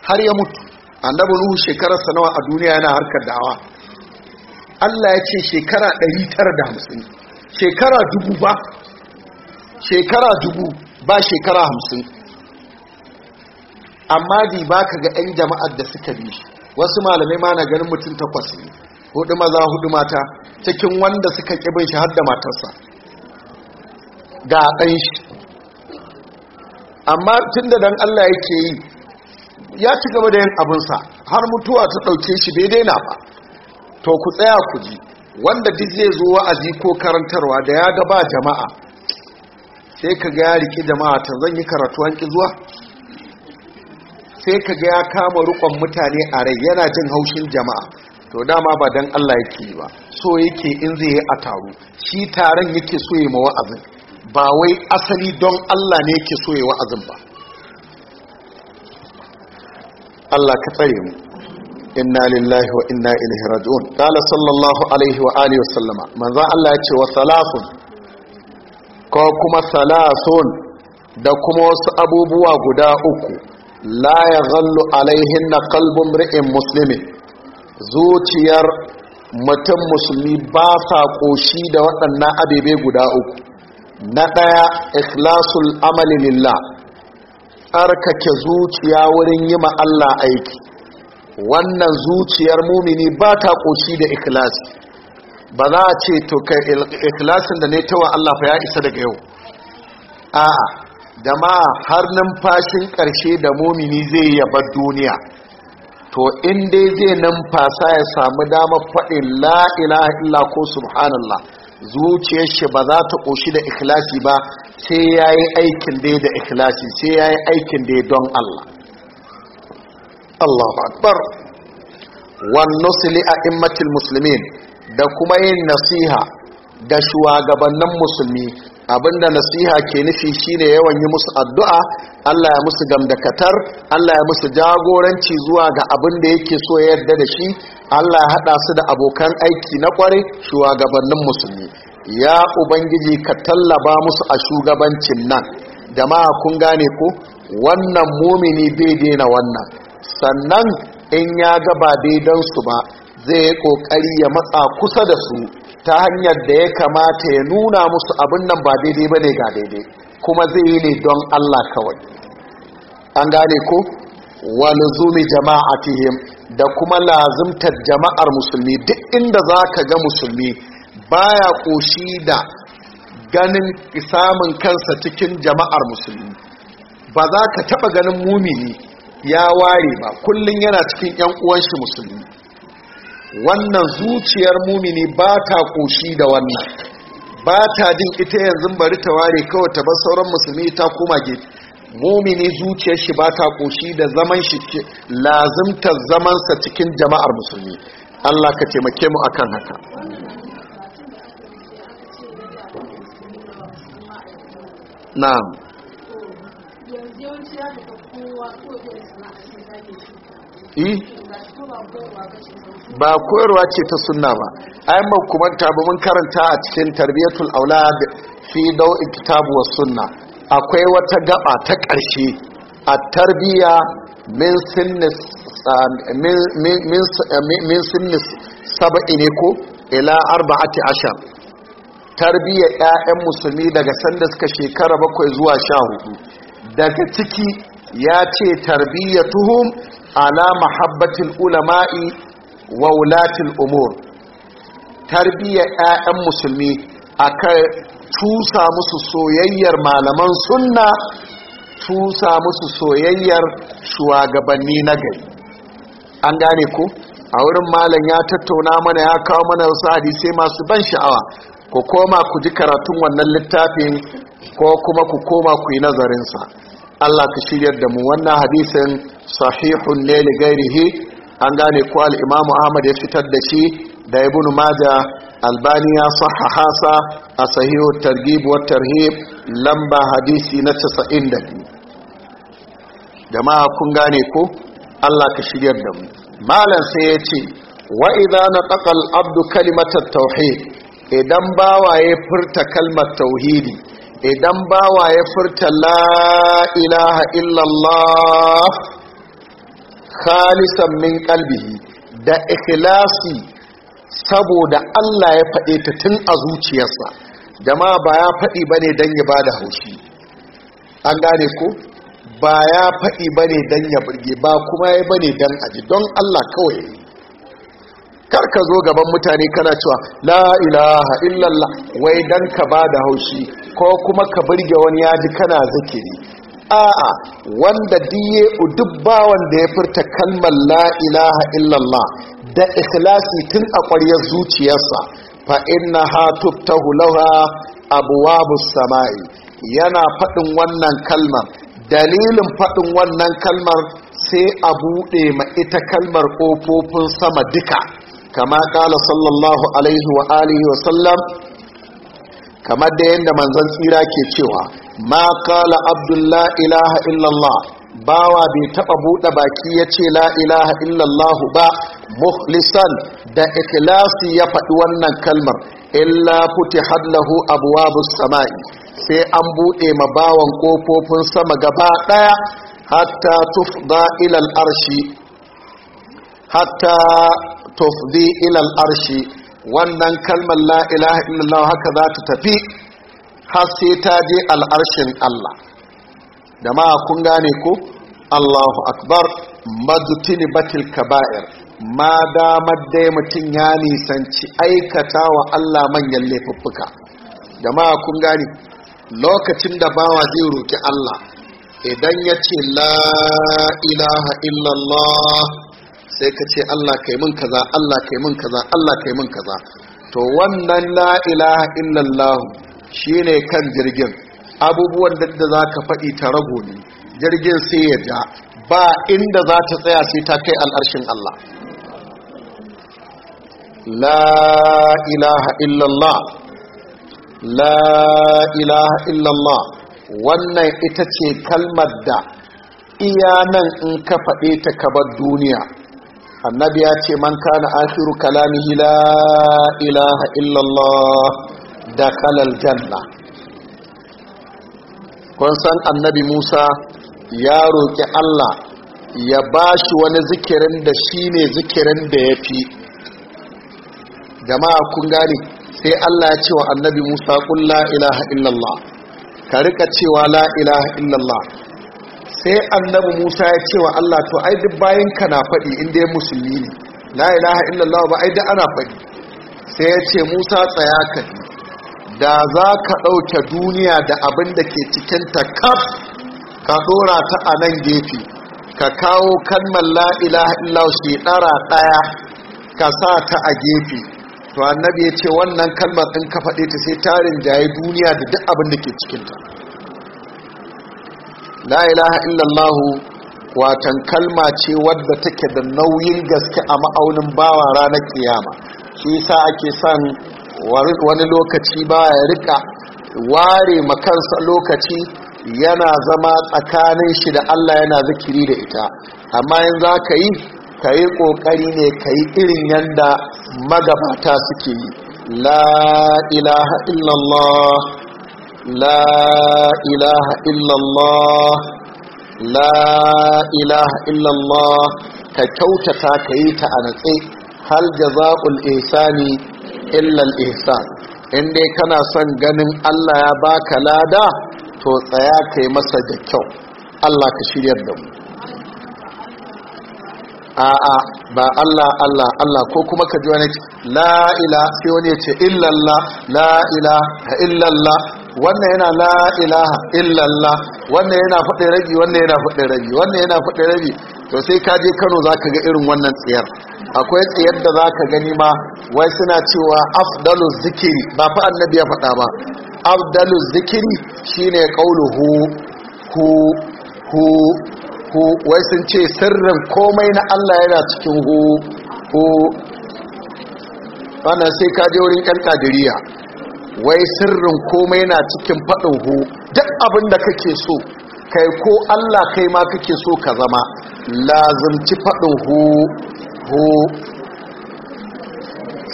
har ya mutu annabi shekarar sa nawa a duniya yana harkar da'awa Allah ya ce shekara 950 shekara dubu ba shekara dubu ba shekara hamsin amma di ba ka ga 'yan jama'ar da suka bi wasu malamai ma na ganin mutum takwas ne hudu maza hudu mata cikin wanda suka kibin shi har da matarsa ga ɗan shi amma tun da dan Allah yake yi ya ci gaba da yin abinsa har mutuwa ta ɗauke shi bai daina ba to ku tsaya ku ji wanda duk zai zo wa'azi ko karantarwa da ya gaba jama'a sai ka ga ya riƙe jama'a ta zan yi karatu ƙi zuwa sai ka ga ya kama rukon mutane a rai yana jin haushin jama'a to dama ba don Allah yake ba so yake in zai yi a taro shi taron yake so ma wa'azin ba wai asali don Allah ne yake so ya wa'azin ba Allah ka tsare mu inna lillahi wa inna ilaihi raji'un qala sallallahu alaihi wa alihi wa sallama manzo Allah ya ce wa ko kuma salasun da kuma wasu abubuwa guda uku la ya zallu alaihin na kalbin ri'in musulmi zuciyar mutum musulmi ba sa ƙoshi da waɗannan abebe guda uku na ɗaya ikhlasul amali lillah tsarkake zuciya wurin yi Allah aiki wannan zuciyar mumini ba ta ƙoshi da ikhlasi ba za a ce to kai ikhlasin da ne tawa Allah fa ya isa daga yau a'a dama har numfashin karshe da mumini zai yaba duniya to in dai zai numfasa ya samu dama faɗin la ilaha illa ko subhanallah zuciyar shi ba za ta ƙoshi da ikhlasi ba sai ya yi aikin dai da ikhlasi sai ya yi aikin dai don Allah Allahu akbar wannan sili a immatin musulmin da kuma yin nasiha ga shugabannin musulmi abinda nasiha ke nufi shine yawan yi musu addu'a Allah ya musu gamdakatar Allah ya musu jagoranci zuwa ga abin da yake so yarda da shi Allah ya hada su da abokan aiki na kware shugabannin musulmi ya ubangiji ka tallaba musu a shugabancin nan jama'a kun gane ko wannan mumini bai daina wannan sannan in ya gaba daidan su ba zai yi kokari ya matsa kusa da su ta hanyar da ya kamata ya nuna musu abin nan ba daidai ba ne ga daidai kuma zai yi ne don allah kawai an gane ko wani zumi tihim da kuma lazimtar jama'ar musulmi duk inda za ka ga musulmi baya ƙoshi da ganin samun kansa cikin jama'ar musulmi ba za ka taɓa ganin mumini ya ware ba kullum yana cikin 'yan uwanshi musulmi wannan zuciyar mumini ba ta ƙoshi da wannan ba ta jin ita yanzu bari ta ware kawai ta bar sauran musulmi ta kuma ge mumini zuciyar shi ba ta ƙoshi da zaman shi lazimtar zamansa cikin jama'ar musulmi Allah ka taimake mu akan haka na'am ba koyarwa ce ta sunna ba ai ba ba mun karanta a cikin tarbiyatul aulad fi daw'i kitabu was sunna akwai wata gaba ta ƙarshe a tarbiyya min sinnis saba'i ne ko ila arba'ati ashar Tarbiyya ƴaƴan musulmi daga sanda suka shekara bakwai zuwa sha hudu daga ciki ya ce tarbiyya tuhum. ala mahabbatin ulama'i wa wulatin umur tarbiyyar 'ya'yan musulmi akan tusa musu soyayyar malaman sunna tusa musu soyayyar shugabanni na gari an gane ku a wurin malam ya tattauna mana ya kawo mana wasu sai masu ban sha'awa ku koma ku ji karatun wannan littafin ko kuma ku koma ku yi nazarinsa Allah ka shiryar da mu wannan hadisin sahihun ne li gairihi an gane ko al-Imam Ahmad ya fitar da shi da Ibn Majah Albani ya sahaha sa a sahihu targhib wa tarhib lamba hadisi na 92 jama'a kun gane ko Allah ka shiryar da mu malam sai ya ce wa idza nataqa al-abdu kalimata tauhid idan bawaye furta kalmar tauhidi idan bawa ya furta la ilaha illallah khalisan min kalbihi da ikhlasi saboda Allah ya faɗe ta tun a zuciyarsa jama'a ba ya faɗi bane dan ya bada haushi an gane ko ba ya faɗi bane dan ya burge ba kuma ya bane dan aji don Allah kawai kar ka zo gaban mutane kana cewa la ilaha illallah wai dan ka ba da haushi ko kuma ka burge wani yaji kana zikiri a'a wanda diye udubbawan da ya furta kalmar la ilaha illallah da ikhlasi tun a ƙwaryar zuciyarsa fa ha tuftahu laha abwabus samai yana fadin wannan kalmar dalilin fadin wannan kalmar sai a buɗe ma ita kalmar ƙofofin sama duka kama kala sallallahu alaihi wa wa sallam kamar da yadda manzon tsira ke cewa ma kala abdullah ilaha illallah bawa bai taɓa buɗe baki ya ce la ilaha illallah ba mukhlisan da ikhlasi ya faɗi wannan kalmar illa futihat lahu abwabus samai sai an buɗe ma bawan ƙofofin sama gaba ɗaya, hatta tufda ila arshi hatta tufdi ilal arshi wannan kalmar la ilaha illallah haka za ta tafi har sai ta je al'arshin Allah da ma kun gane ko Allahu akbar madutini batil kaba'ir ma damar dai mutum ya nisanci aikata wa Allah manyan laifuffuka da ma kun gane lokacin da bawa zai roki Allah idan ya ce la ilaha illallah sai ka ce Allah kai min kaza Allah kai min kaza Allah kai min kaza to wannan la ilaha illallah shine kan jirgin abubuwan da za ka faɗi ta rago ne jirgin sai ya ja ba inda za ta tsaya sai ta kai al'arshin Allah la ilaha illallah la ilaha illallah wannan ita ce kalmar da iya nan in ka faɗe ta kabar duniya annabi ya ce man kana akhiru kalamihi la ilaha illallah da kalal janna kun san annabi musa ya roƙi allah ya bashi wani zikirin da shi ne zikirin da ya fi jama'a kun gane sai allah ya ce wa annabi musa kun la ilaha illallah ka rika cewa la ilaha illallah sai annabi musa ya ce wa allah to ai duk bayan ka na faɗi inda ya musulmi ne la ilaha illallah ba ai duk ana faɗi sai ya ce musa tsaya ka da za ka ɗauke duniya da abin da ke cikinta kaf ka ɗora ta a nan gefe ka kawo kalmar la ilaha illallah shi ɗara ɗaya ka sa ta a gefe to annabi ya ce wannan kalmar ɗin ka faɗe ta sai tarin jaye duniya da duk abin da ke cikinta la ilaha illallah watan kalma ce wadda take da nauyin gaske a ma'aunin bawa ranar kiyama shi yasa ake san wani lokaci baya rika ware makansa lokaci yana zama tsakanin shi da Allah yana zikiri da ita amma yin za ka yi ka yi ƙoƙari ne ka yi irin yanda magabata suke yi la ilaha illallah لا إله إلا الله لا إله إلا الله كتوتتا كيتا أنتي هل جزاء الإحسان إلا الإحسان in dai kana son ganin Allah ya baka lada to tsaya kai masa da kyau Allah ka shiryar da mu a'a ba Allah Allah Allah ko kuma ka ji wani la ila sai wani ce illallah la illallah wannan yana la ilaha illallah wannan yana fadi rabi wannan yana fadi rabi wannan yana fadi rabi to sai ka je Kano zaka ga irin wannan tsiyar akwai tsiyar da zaka gani ma wai suna cewa afdalu zikiri ba fa annabi ya faɗa ba afdalu zikiri shine qauluhu hu hu hu wai sun ce sirrin komai na Allah yana cikin hu hu wannan sai ka je wurin ƴan kadiriya wai sirrin komai na cikin faɗin hu duk abin da kake so kai ko Allah kai ma kake so ka zama lazimci faɗin hu hu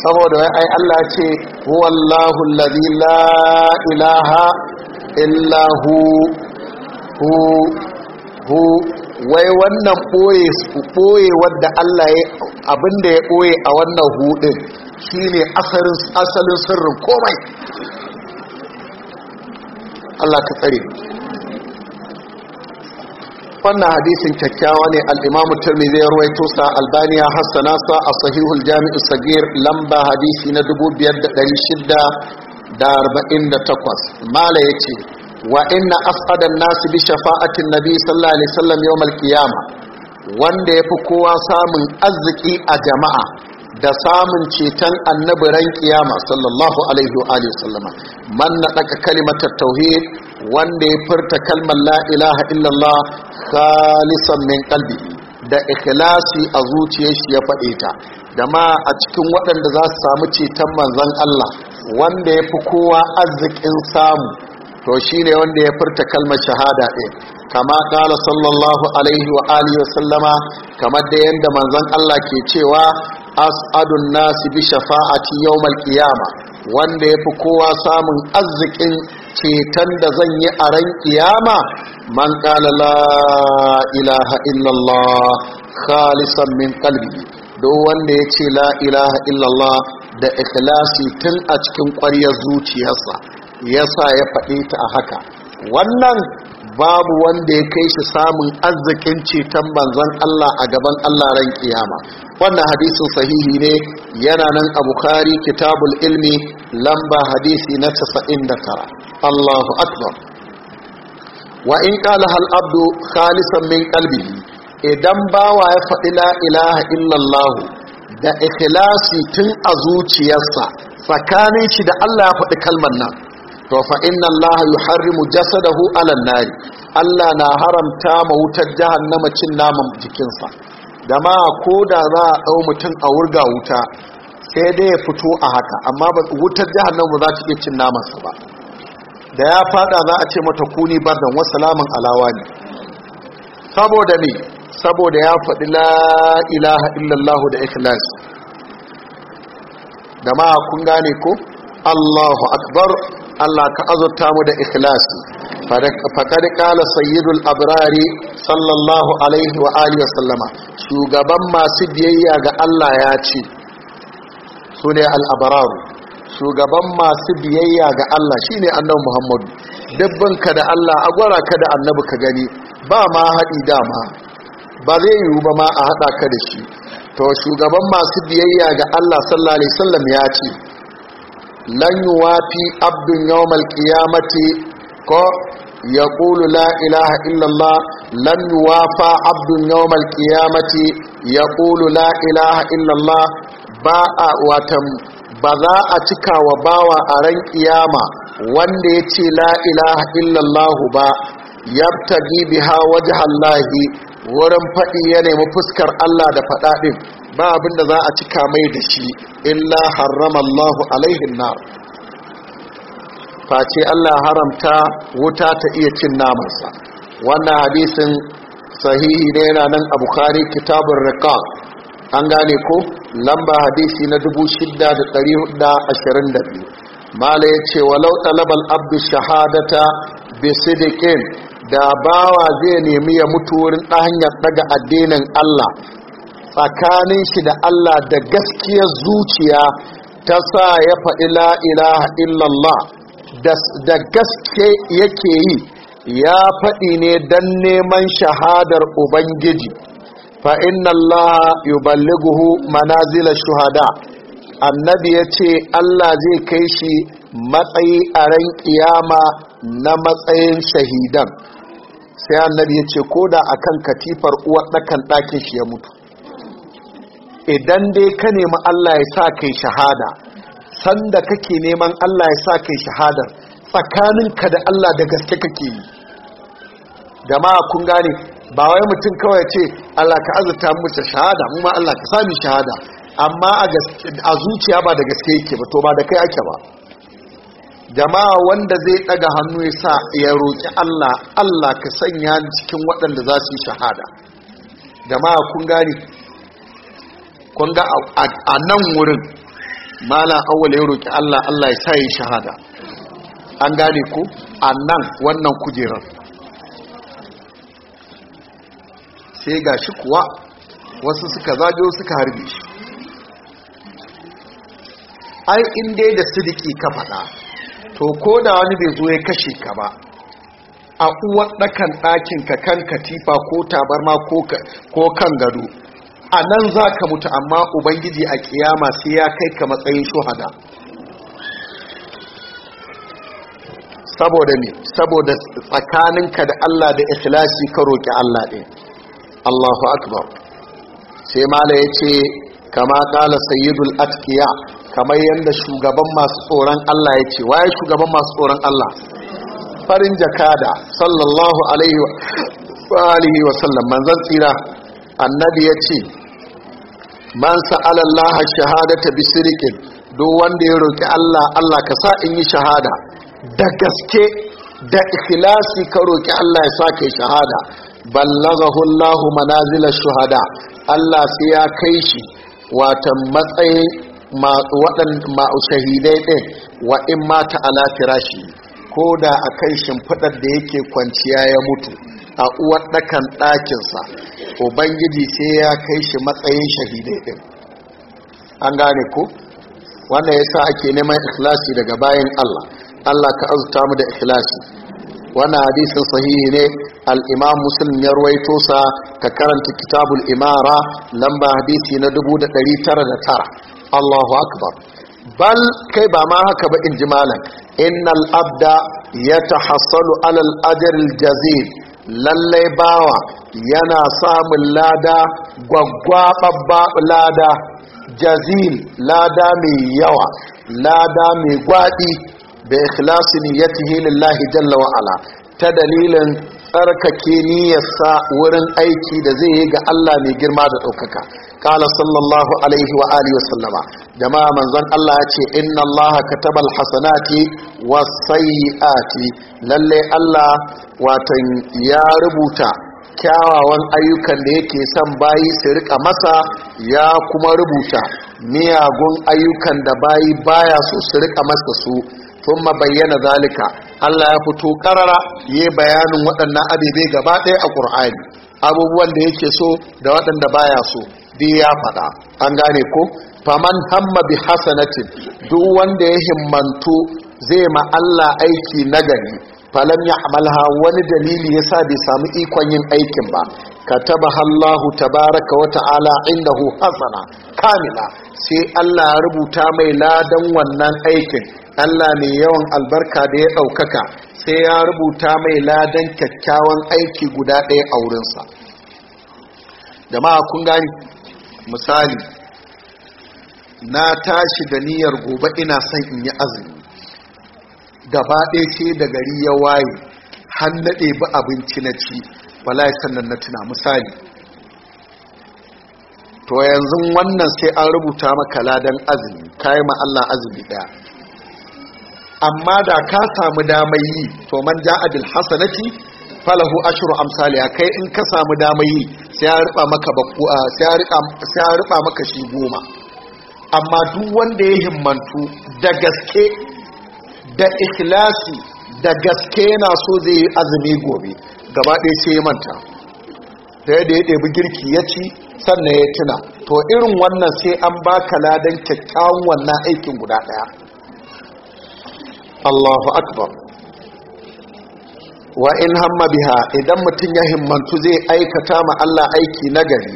saboda wai ai Allah ce huwallahu allazi la ilaha illa hu hu hu wai wannan ɓoye boye wanda Allah ya abinda ya ɓoye a wannan hudin shine asalin asalin sirrin komai Allah ka tsare wannan hadisin kyakkyawa ne al'imamu tirmidhi ya ruwaito sa albania hassana sa a sahihul jami'u sagir lamba hadisi na 5648 mala ya ce wa inna as'adan nasu bi shafa'atin nabi sallallahu alaihi wasallam yawmal qiyama wanda yafi kowa samun arziki a jama'a da samun ceton annabi ran kiyama sallallahu alaihi wa alihi sallama man daka kalimatar tauhid wanda ya furta kalmar la ilaha illallah khalisan min qalbi da ikhlasi a zuciyar shi ya fade ta da ma a cikin waɗanda za su samu ceton manzon Allah wanda ya fi kowa arzikin samu to shine wanda ya furta kalmar shahada din kama kala sallallahu alaihi wa alihi wa sallama kamar da yanda manzon Allah ke cewa as'adun nasi bi shafa'ati yawmal qiyama wanda yafi kowa samun arzikin ceton da zan yi a ran kiyama man kala la ilaha illallah khalisan min qalbi do wanda ya ce la ilaha illallah da ikhlasi tun a cikin ƙwaryar zuciyarsa yasa ya faɗi ta a haka wannan babu wanda ya kai shi samun arzikin cetan manzon Allah a gaban Allah ran kiyama wannan hadisin sahihi ne yana nan a bukhari kitabul ilmi lamba hadisi na 99 Allahu akbar wa in qala hal abdu khalisan min qalbihi idan bawa ya faɗi la ilaha illallah da ikhlasi tun a zuciyarsa tsakanin shi da Allah ya faɗi kalmar nan to fa inna allaha yuharrimu jasadahu ala nari allah na haramta ma wutar jahannama cin naman jikinsa dama ko da za a dau mutum a wurga wuta sai dai ya fito a haka amma ba wutar jahannama ba za ta iya cin namansa ba da ya fada za a ce mata kuni bardan wasu salaman alawa ne saboda ne saboda ya faɗi la ilaha illallahu da ikhlas da kun gane ko Allahu akbar Allah ka azurta mu da ikhlasi faƙar kala sayyidul abrari sallallahu alaihi wa alihi wasallama shugaban masu biyayya ga Allah ya ce su ne al'abararu shugaban masu biyayya ga Allah shi ne annabi muhammadu ka da Allah agwara ka da annabi ka gani ba ma haɗi dama ba zai yiwu ba ma a haɗa ka da shi to shugaban masu biyayya ga Allah sallallahu alaihi wasallam ya ce lan yuwafi abdun yawmal qiyamati ko yaqulu la ilaha illallah lan yuwafa abdun yawmal qiyamati yaqulu la ilaha illallah ba a watan ba za a cika wa bawa a ran kiyama wanda ya ce la ilaha illallahu ba yabtagi biha wajhallahi wurin faɗi ya nemi fuskar Allah da faɗaɗin ba abin da za a cika mai da shi illa haramallahu alaihin nar face Allah haramta wuta ta iya cin namansa wannan hadisin sahihi ne yana nan a bukari kitabun raka an gane ko lamba hadisi na 6422 mala ya ce walau talabal abdu shahadata bi da bawa zai nemi ya mutu wurin ta hanyar daga addinin Allah tsakanin shi da Allah da gaskiyar zuciya ta sa ya faɗi la'ilaha illallah da gaske yake yi ya faɗi ne don neman shahadar ubangiji fa'inna Allah yuballighu manazila shuhada annabi ya ce Allah zai kai shi matsayi a ran ƙiyama na matsayin shahidan sai annabi ya ce ko da akan katifar uwar ɗakan ɗakin shi ya mutu idan dai ka nemi Allah ya sa kai shahada sanda kake neman Allah ya sa kai shahadar tsakaninka da Allah da gaske kake yi jama'a kun gane ba wai mutum kawai ce Allah ka azurta mu ta shahada mu ma Allah ka sa mu shahada amma a zuciya ba da gaske yake ba to ba da kai ake ba jama'a wanda zai daga hannu ya sa ya roki Allah Allah ka sanya cikin waɗanda za su yi shahada jama'a kun gane kun ga a nan wurin malam awwal ya roki Allah Allah ya sa yi shahada an gane ku a nan wannan kujerar sai ga shi kuwa wasu suka zagayo suka harbe shi ai inda da sidiki ka faɗa to ko da wani bai zo ya kashe ka ba a uwarɗakan ɗakan ɗakin ka kan katifa ko tabarma ko kan gado a nan za ka mutu amma ubangiji a kiyama sai ya kai ka matsayin shuhada saboda ne saboda tsakaninka da Allah da ikhlasi ka roƙi Allah ɗin Allahu akbar sai mala ya ce kama ƙala sayyidul atqiya kamar yadda shugaban masu tsoron Allah ya ce waye shugaban masu tsoron Allah farin jakada sallallahu alaihi wa alihi wa sallam manzon tsira annabi ya ce man sa'ala Allah ta bi sirikin duk wanda ya roki Allah Allah ka sa in yi shahada da gaske da ikhlasi ka roki Allah ya sa shahada ballaghahu Allah manazil shuhada Allah sai ya kai shi watan matsayin ma shahidai ɗin wa in mata ala firashi ko da a akan fadar da yake kwanciya ya mutu a uwar ɗakan ɗakinsa ubangiji sai ya kai shi matsayin shahidai ɗin an gane ko wannan ya sa ake neman ikhlasi daga bayan allah allah ka azuta mu da ikhlasi wannan hadisin sahihi ne al'imam muslim ya ruwaito sa ka karanta kitabul imara lamba hadisi na 1909 allahu akbar bal kai ba ma haka ba in ji malam innal abda ya hassalu alal ajril jazil lallai bawa yana samun lada gwaggwaɓaɓɓa lada jazil lada mai yawa lada mai gwaɗi da ya niyyatihi lillahi jalla wa ta dalilin tsarkake niyyarsa wurin aiki da zai yi ga Allah mai girma da ɗaukaka قال صلى الله عليه وآله وسلم جماعة من ظن الله يتي إن الله كتب الحسنات والسيئات للي الله واتن يا ربوتا kyawawan ayyukan da yake son bayi su rika masa ya kuma rubuta miyagun ayyukan da bayi baya so su rika masa su tun bayyana zalika Allah ya fito karara ya bayanin waɗannan abubuwa gaba ɗaya a ƙur'ani abubuwan da yake so da waɗanda baya so duk ya faɗa an gane ko faman hamma bi hasanatin duk wanda ya himmantu zai ma Allah aiki nagari falam ya amalha wani dalili yasa bai samu ikon yin aikin ba kataba Allahu tabaraka wa ta'ala indahu hasana kamila sai Allah ya rubuta mai ladan wannan aikin Allah mai yawan albarka da ya ɗaukaka sai ya rubuta mai ladan kyakkyawan aiki guda ɗaya a wurinsa jama'a kun gani misali na tashi da niyyar gobe ina son in yi azumi gaba ɗaya ce da gari ya waye hannaɗe ba abinci na ci wallahi sannan na tuna misali to yanzu wannan sai an rubuta maka ladan azumi kayi ma Allah azumi ɗaya amma da ka samu damar yi to man ja'adil hasanati falahu ashru amsalia kai in ka samu damar yi sai ya rufa maka shi goma amma duk wanda ya himmantu da gaske da ikhlasi da gaske yana so zai yi azumi gobe gaba ɗaya sai ya manta sai da ya ɗebi girki ya ci sannan ya tuna to irin wannan sai an ba ka ladan kyakkyawan wannan aikin guda ɗaya Allahu akbar wa in hamma biha idan mutum ya himmantu zai aikata ma Allah aiki nagari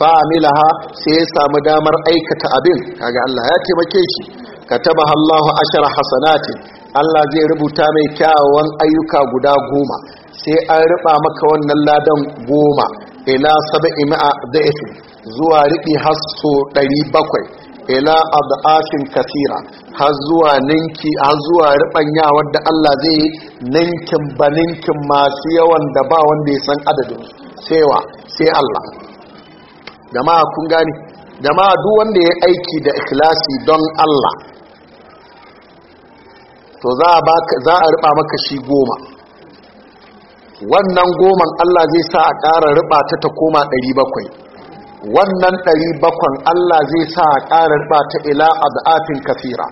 fa'amilaha sai ya samu damar aikata abin kaga Allah ya taimake shi kataba Allahu ashara hassanati. Allah zai rubuta mai kyawawan ayyuka guda goma sai an riba maka wannan ladan goma ila sab'i ma'a da'if zuwa riqi hasu 700 ila adafin kasira har zuwa ninki har zuwa ribanya wanda Allah zai ninkin baninkin masu yawan da ba wanda ya san adadin sewa sai Allah jama'a kun gani jama'a duk wanda ya aiki da ikhlasi don Allah to za a riba maka shi goma wannan goman Allah zai sa a ƙara riba ta ta koma 700 wannan ɗari bakon Allah zai sa ƙarar ba ta ila ad'atin kafira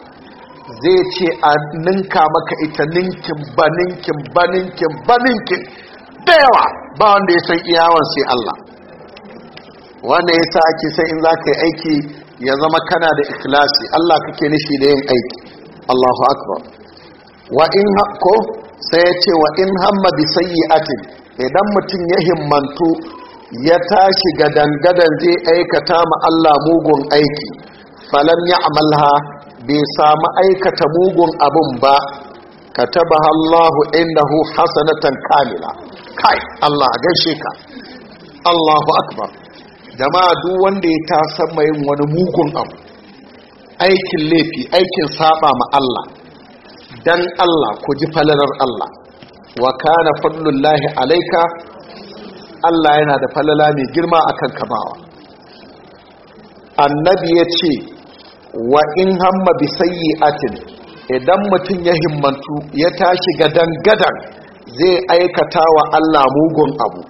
zai ce a ninka maka ita ninkin ba ninkin ba ninkin ba ninkin da yawa ba wanda ya san iyawan sai Allah wanda ya sa ake sai in za ka yi aiki ya zama kana da ikilasi, Allah kake nishi da yin aiki Allahu akbar wa in ko sai ya ce wa in hamma bi sayyi'atin idan mutum ya himmantu ya tashi gadangadan zai aikata ma Allah mugun aiki falam ya amalha bai samu aikata mugun abun ba kataba Allahu innahu hasanatan kamila kai Allah gaishe ka Allahu akbar jama'a duk wanda ya tasan mai wani mugun abu aikin laifi aikin saba ma Allah dan Allah ku ji falalar Allah wa kana fadlullahi alayka Allah yana da falala mai girma akan kamawa annabi ya ce wa in hamma bi sayyi'atin idan mutum ya himmantu ya tashi gadan gadan zai aikata wa Allah mugun abu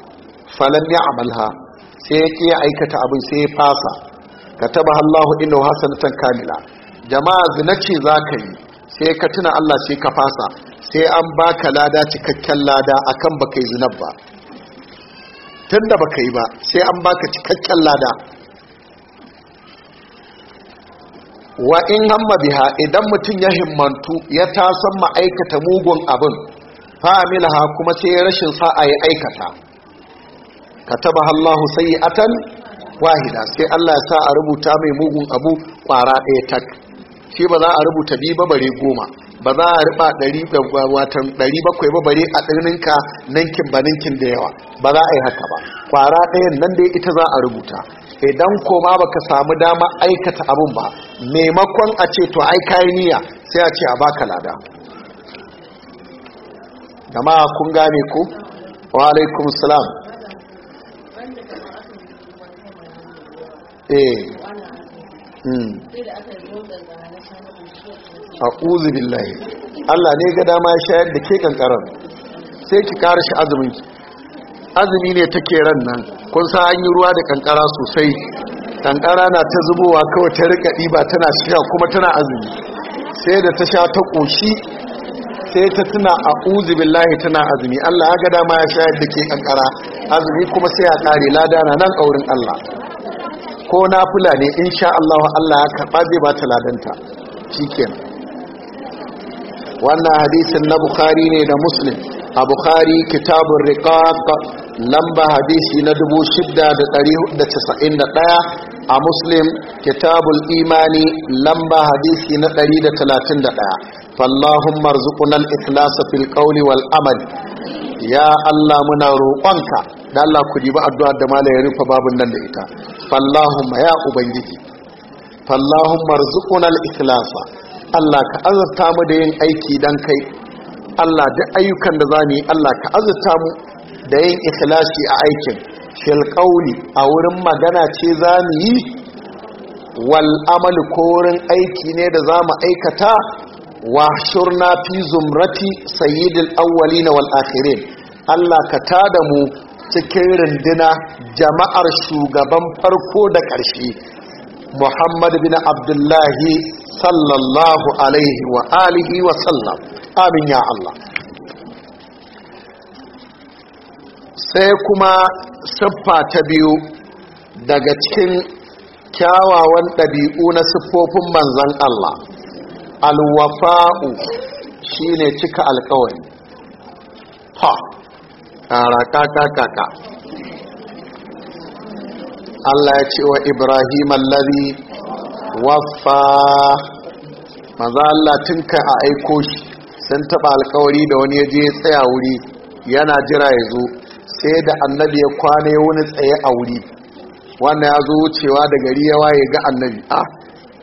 falan ya amalha sai ya ƙi aikata abin sai ya fasa ka taba Allah inna hasanatan kamila jama'a zina ce za ka yi sai ka tuna Allah sai ka fasa sai an baka lada cikakken lada akan baka yi zinab ba tun da baka yi ba sai an baka cikakken lada wa in hamma biha idan mutum ya himmantu ya tasan ma'aikata mugun abin ha kuma sai ya rashin sa'a ya aikata Ka kataba Allahu atan wahida sai Allah ya sa a rubuta mai mugun abu kwara ɗaya tak shi ba za a rubuta biyu ba bare goma ba za a riba bakwai ba bare a tsirninka ninkin ba ninkin da yawa ba za a yi haka ba kwara ɗayan nan da ita za a rubuta idan koma baka samu dama aikata abun ba maimakon a ce to ai kayi niyya sai a ce a baka lada jama'a kun gane ku wa alaikum salam eh. hmm. ƙuzi billahi Allah ne ga dama ya shayar da ke kankaran sai ki ƙara shi azumin azumi ne take ran nan kun sa an yi ruwa da ƙanƙara sosai kankara na ta zubowa kawai ta rika ɗiba tana shiga kuma tana azumi sai da ta sha ta ƙoshi sai ta tuna a ƙuzi billahi tana azumi Allah ya ga dama ya shayar da ke kankara azumi kuma sai ya kare lada na nan ƙaurin Allah ko na fula ne in sha Allah Allah ya karɓa zai ba ta ladanta shikenan wannan hadisin na bukhari ne da muslim a bukhari kitabun riqaq lamba hadisi na 691 a muslim kitabun imani lamba hadisi na 131 fallahumma arzuqna al-ikhlasa fil qawli wal amal ya Allah muna roƙonka da Allah ku diba addu'a da mala ya rufe babun nan da ita fallahumma ya ubangiji fallahumma arzuqna al-ikhlasa Allah ka azurta mu da yin aiki dan kai Allah da ayyukan da zamu yi Allah ka azurta mu da yin ikhlasi a aikin Shil a wurin magana ce zamu yi wal amal ko wurin aiki ne da zamu aikata wa shurna fi zumrati sayyidil awwalin wal akhirin Allah ka tada mu cikin rinduna jama'ar shugaban farko da ƙarshe Muhammad bin Abdullahi sallallahu alaihi wa alihi wa sallam amin ya Allah sai kuma siffa ta biyu daga cikin kyawawan ɗabi'u na siffofin manzan Allah alwafa'u shine cika alkawari ha ƙara kaka Allah ya ce wa Ibrahim allazi waffa maza Allah tunka a aiko shi sun taba alkawari da wani yaje ya tsaya wuri yana jira ya zo sai da annabi ya kwane wani tsaye a wuri wannan ya zo wucewa da gari ya waye ga annabi A ah,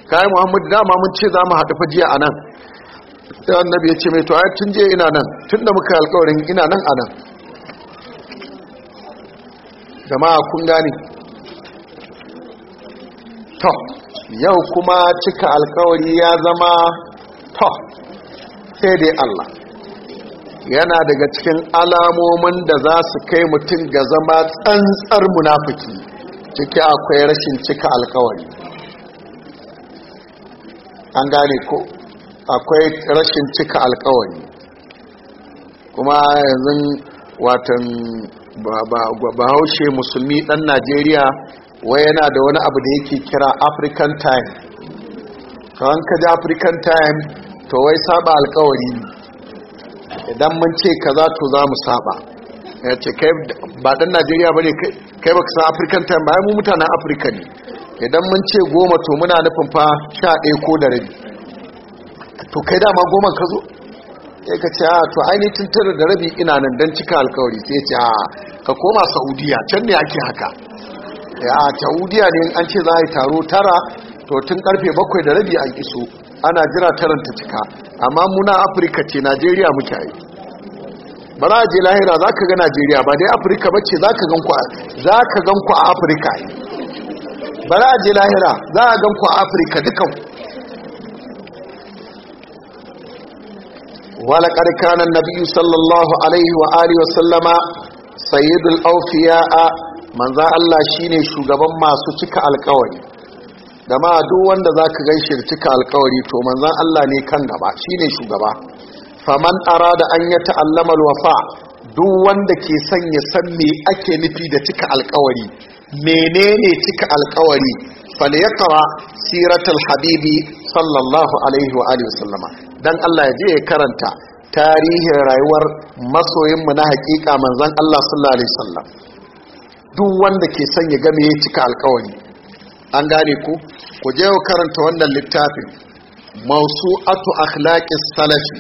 kai Muhammad dama mun ce za mu haɗu fajiya a nan sai annabi ya ce mai to tun je ina nan tun da muka alkawarin ina nan a nan jama'a kun gane to yau kuma cika alkawari ya zama to sai dai Allah yana daga cikin alamomin da za su kai mutum ga zama tsantsar munafuki. ciki akwai rashin cika alkawari an gane ko akwai rashin cika alkawari kuma yanzu watan bahaushe musulmi dan najeriya wai yana da wani abu da yake kira african time kan ka ji african time to wai saba alkawari idan mun ce kaza to za mu saba ya ce kai ba dan najeriya ba ne kai ba san african time ba mu mutanen afirka ne idan mun ce goma to muna nufin fa sha ɗaya ko da rabi to kai dama goma ka zo ya ka ce to ainihin tara da rabi ina nan don cika alkawari sai ce ka koma saudiya can ne ake haka a saudiya ne an ce za a yi taro tara to tun karfe bakwai da rabi an iso ana jira taron ta cika amma muna afirka ce najeriya muke yi ba za a je lahira za ka ga najeriya ba dai afirka ba ce za ka gan ku a afirka ba za a je lahira za a gan ku a afirka dukan karkanan nabi sallallahu alaihi wa alihi wa sallama, Sayyidul awfiya manzan Allah shi ne shugaban masu cika alkawari da ma duk wanda za ka gaishe cika alkawari to manzan Allah ne kan gaba shi ne shugaba faman da an yi ta'allama alwafa duk wanda ke son ya san me ake nufi da cika alkawari menene cika alkawari falyaqra siratul habibi sallallahu alaihi wa alihi wasallama dan Allah ya je ya karanta tarihin rayuwar masoyinmu na hakika manzan Allah sallallahu alaihi wasallam duk wanda ke son ya game ya cika alkawari an gane ku ku je wa karanta wannan littafin atu akhlaqis salafi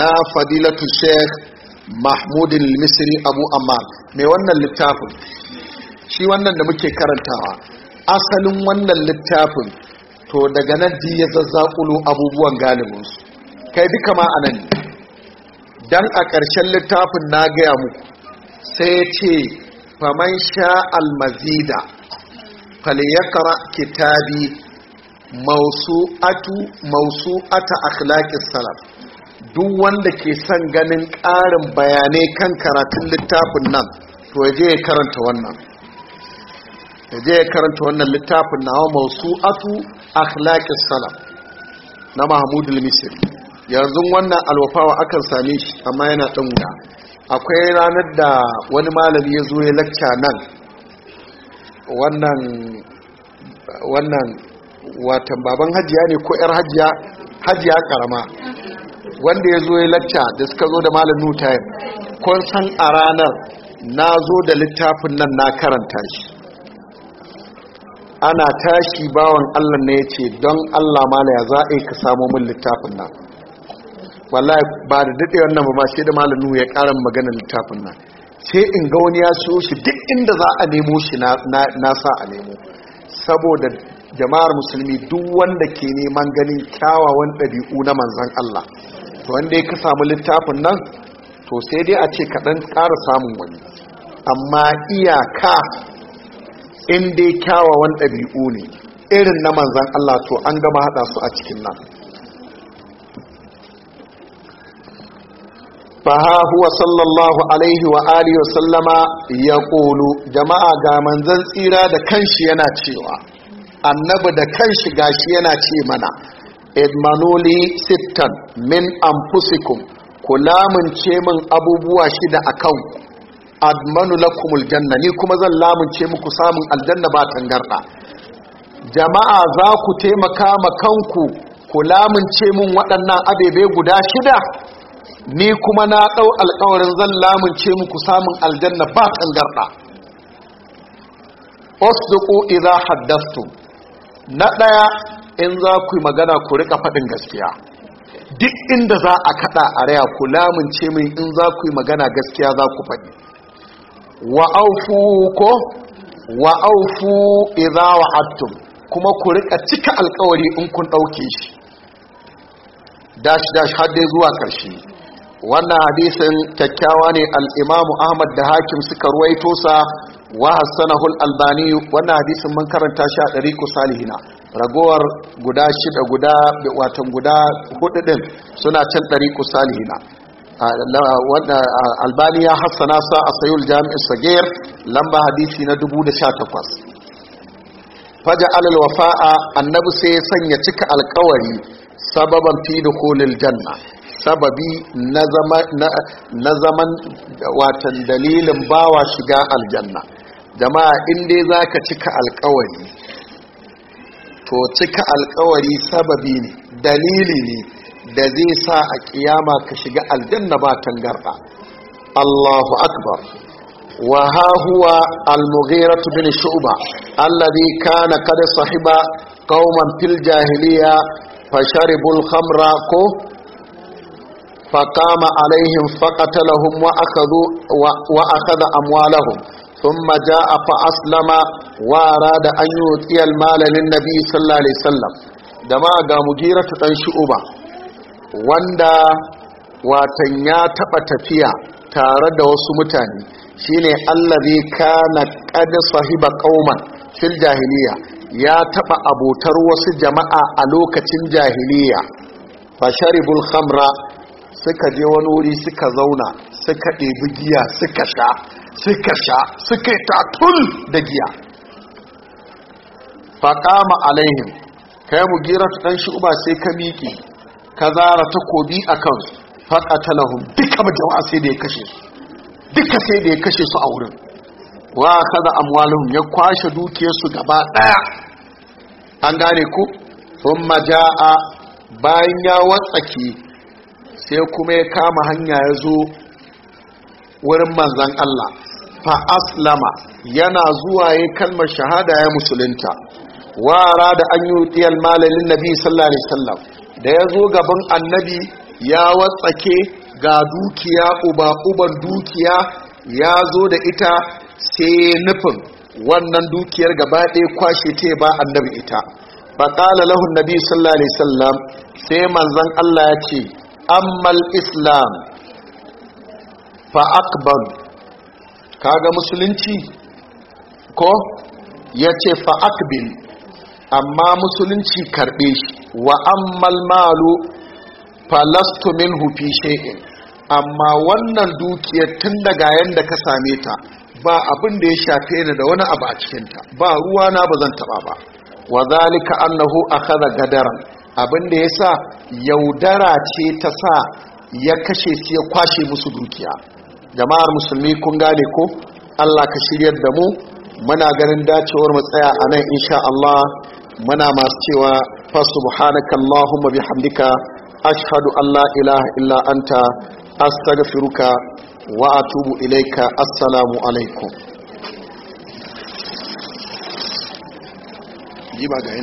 na fadilatu sheikh mahmud al-misri abu ammar mai wannan littafin shi wannan da muke karantawa asalin wannan littafin to daga nan di ya abubuwan galibinsu kai duka ma anan dan a ƙarshen littafin na gaya muku sai ya ce faman sha almazida falyakra kitabi mawsu'atu mawsu'ata akhlaqis salaf duk wanda ke son ganin ƙarin bayanai kan karatun littafin nan to je ya karanta wannan je ya karanta wannan littafin nawa mawsu'atu akhlaqis salaf na Mahmud misri yanzu wannan alwafawa akan same shi amma yana dan wuya akwai ranar da wani malami ya zo ya lakca nan wannan watan baban hajiya ne ko yar hajiya hajiya karama wanda ya zo ya lakca da suka zo da malam new time kun san a ranar na zo da littafin nan na karanta shi ana tashi bawan allah ne ya ce don allah malaya ya za yi ka samomin min littafin nan wallahi ba da dade wannan ba ma sai da nu ya ƙaran magana littafin nan sai in ga wani ya siyo shi duk inda za a nemo shi na sa a nemo saboda jama'ar musulmi duk wanda ke neman ganin kyawawan ɗabi'u na manzan Allah to wanda ya samu littafin nan to sai dai a ce kaɗan ƙara samun wani amma iyaka in dai kyawawan ɗabi'u ne irin na manzan Allah to an gama haɗa su a cikin nan فها هو sallallahu alaihi wa واله وسلم ya ƙolu jama'a ga manzan tsira da kanshi yana cewa annabi da kanshi gashi yana ce mana edmanoli sittan min amfusikum ku ce min abubuwa shida akan kan admanu lakumul janna ni kuma zan lamun lamunce muku samun aljanna ba tangarda jama'a za ku taimaka ma kanku ku lamunce min waɗannan abebe guda shida ni kuma na ɗau alƙawarin zan lamunce muku samun aljanna ba ƙangarɗa osduku idza haddastu na ɗaya in za ku yi magana ku rika faɗin gaskiya duk inda za a kaɗa a raya ku lamunce min in za ku yi magana gaskiya za ku faɗi wa aufu ko wa aufu idza wa'adtum kuma ku riƙa cika alƙawari in kun ɗauke shi dash dash har dai zuwa ƙarshe wannan hadisin kyakkyawa ne al'imamu ahmad da hakim suka ruwaito sa wa hassanahu albani wannan hadisin mun karanta shi a ɗari salihina ragowar guda shida guda watan guda hudu ɗin suna can ɗari salihina albani ya hassana sa a sayul jami'in sagir lamba hadisi na 2018 faja alal wafa'a annabi sai ya sanya cika alkawari sababan fi dukhulil janna sababi na zaman watan dalilin bawa shiga aljanna jama'a inda za ka cika alkawari to cika alkawari sababi ne dalili ne da zai sa a kiyama ka shiga aljanna ba tangarda Allahu akbar wa ha huwa al bin shu'ba alladhi kana qad sahiba qauman fil jahiliya fasharibul khamra ko فقام عليهم فقتلهم وأخذوا وأخذ أموالهم ثم جاء فأسلم وأراد da يؤتي المال للنبي صلى الله عليه وسلم دما ga mugira ta dan shu'uba wanda watan ya taɓa tafiya tare da wasu mutane shine allazi kana qad sahiba qauman fil jahiliya ya taɓa abotar wasu jama'a a lokacin jahiliya fasharibul khamra suka je wani wuri suka zauna suka ɗebi giya suka sha suka sha suka yi tatul da giya faƙama alaihim kai mu mugira ta ɗan shi'uba sai ka miƙi ka zara takobi a kansu ta lahun duka majama'a sai da ya kashe su duka sai da ya kashe su a wurin wa kaza amwalahum ya kwashe dukiyarsu gaba ɗaya an gane ku sun maja'a bayan ya watsake sai kuma ya kama hanya ya zo wurin manzan Allah fa aslama yana zuwa ya kalmar shahada ya musulunta wara da an yi wutiyar malalin nabi sallallahu alaihi wasallam da ya zo gaban annabi ya watsake ga dukiya uba uban dukiya ya zo da ita sai nufin wannan dukiyar gaba ɗaya kwashe ta ba annabi ita ƙala lahun nabi sallallahu alaihi wasallam sai manzan Allah ya ce amma islam fa akbar kaga musulunci ko ya ce fa akbil amma musulunci karbe shi wa ammal malu falastu minhu fi shay'in amma wannan dukiyar tun daga yanda ka same ta ba abin da ya shafe ni da wani abu a cikinta ba ruwa na ba zan taba ba wa zalika annahu akhadha gadaran abin da ya sa yaudara ce ta sa ya kashe su ya kwashe musu dukiya jama'ar musulmi kun gane ko allah ka shiryar da mu muna ganin dacewar matsaya a nan insha allah muna masu cewa fasubhanaka allahumma bihamdika ashhadu an la ilaha illa anta astaghfiruka wa atubu ilaika assalamu alaikum ji ba ga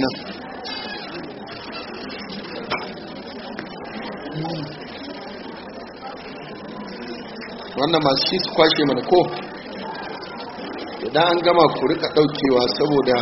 wannan masu shi su kwashe mana ko idan an gama ku rika daukewa saboda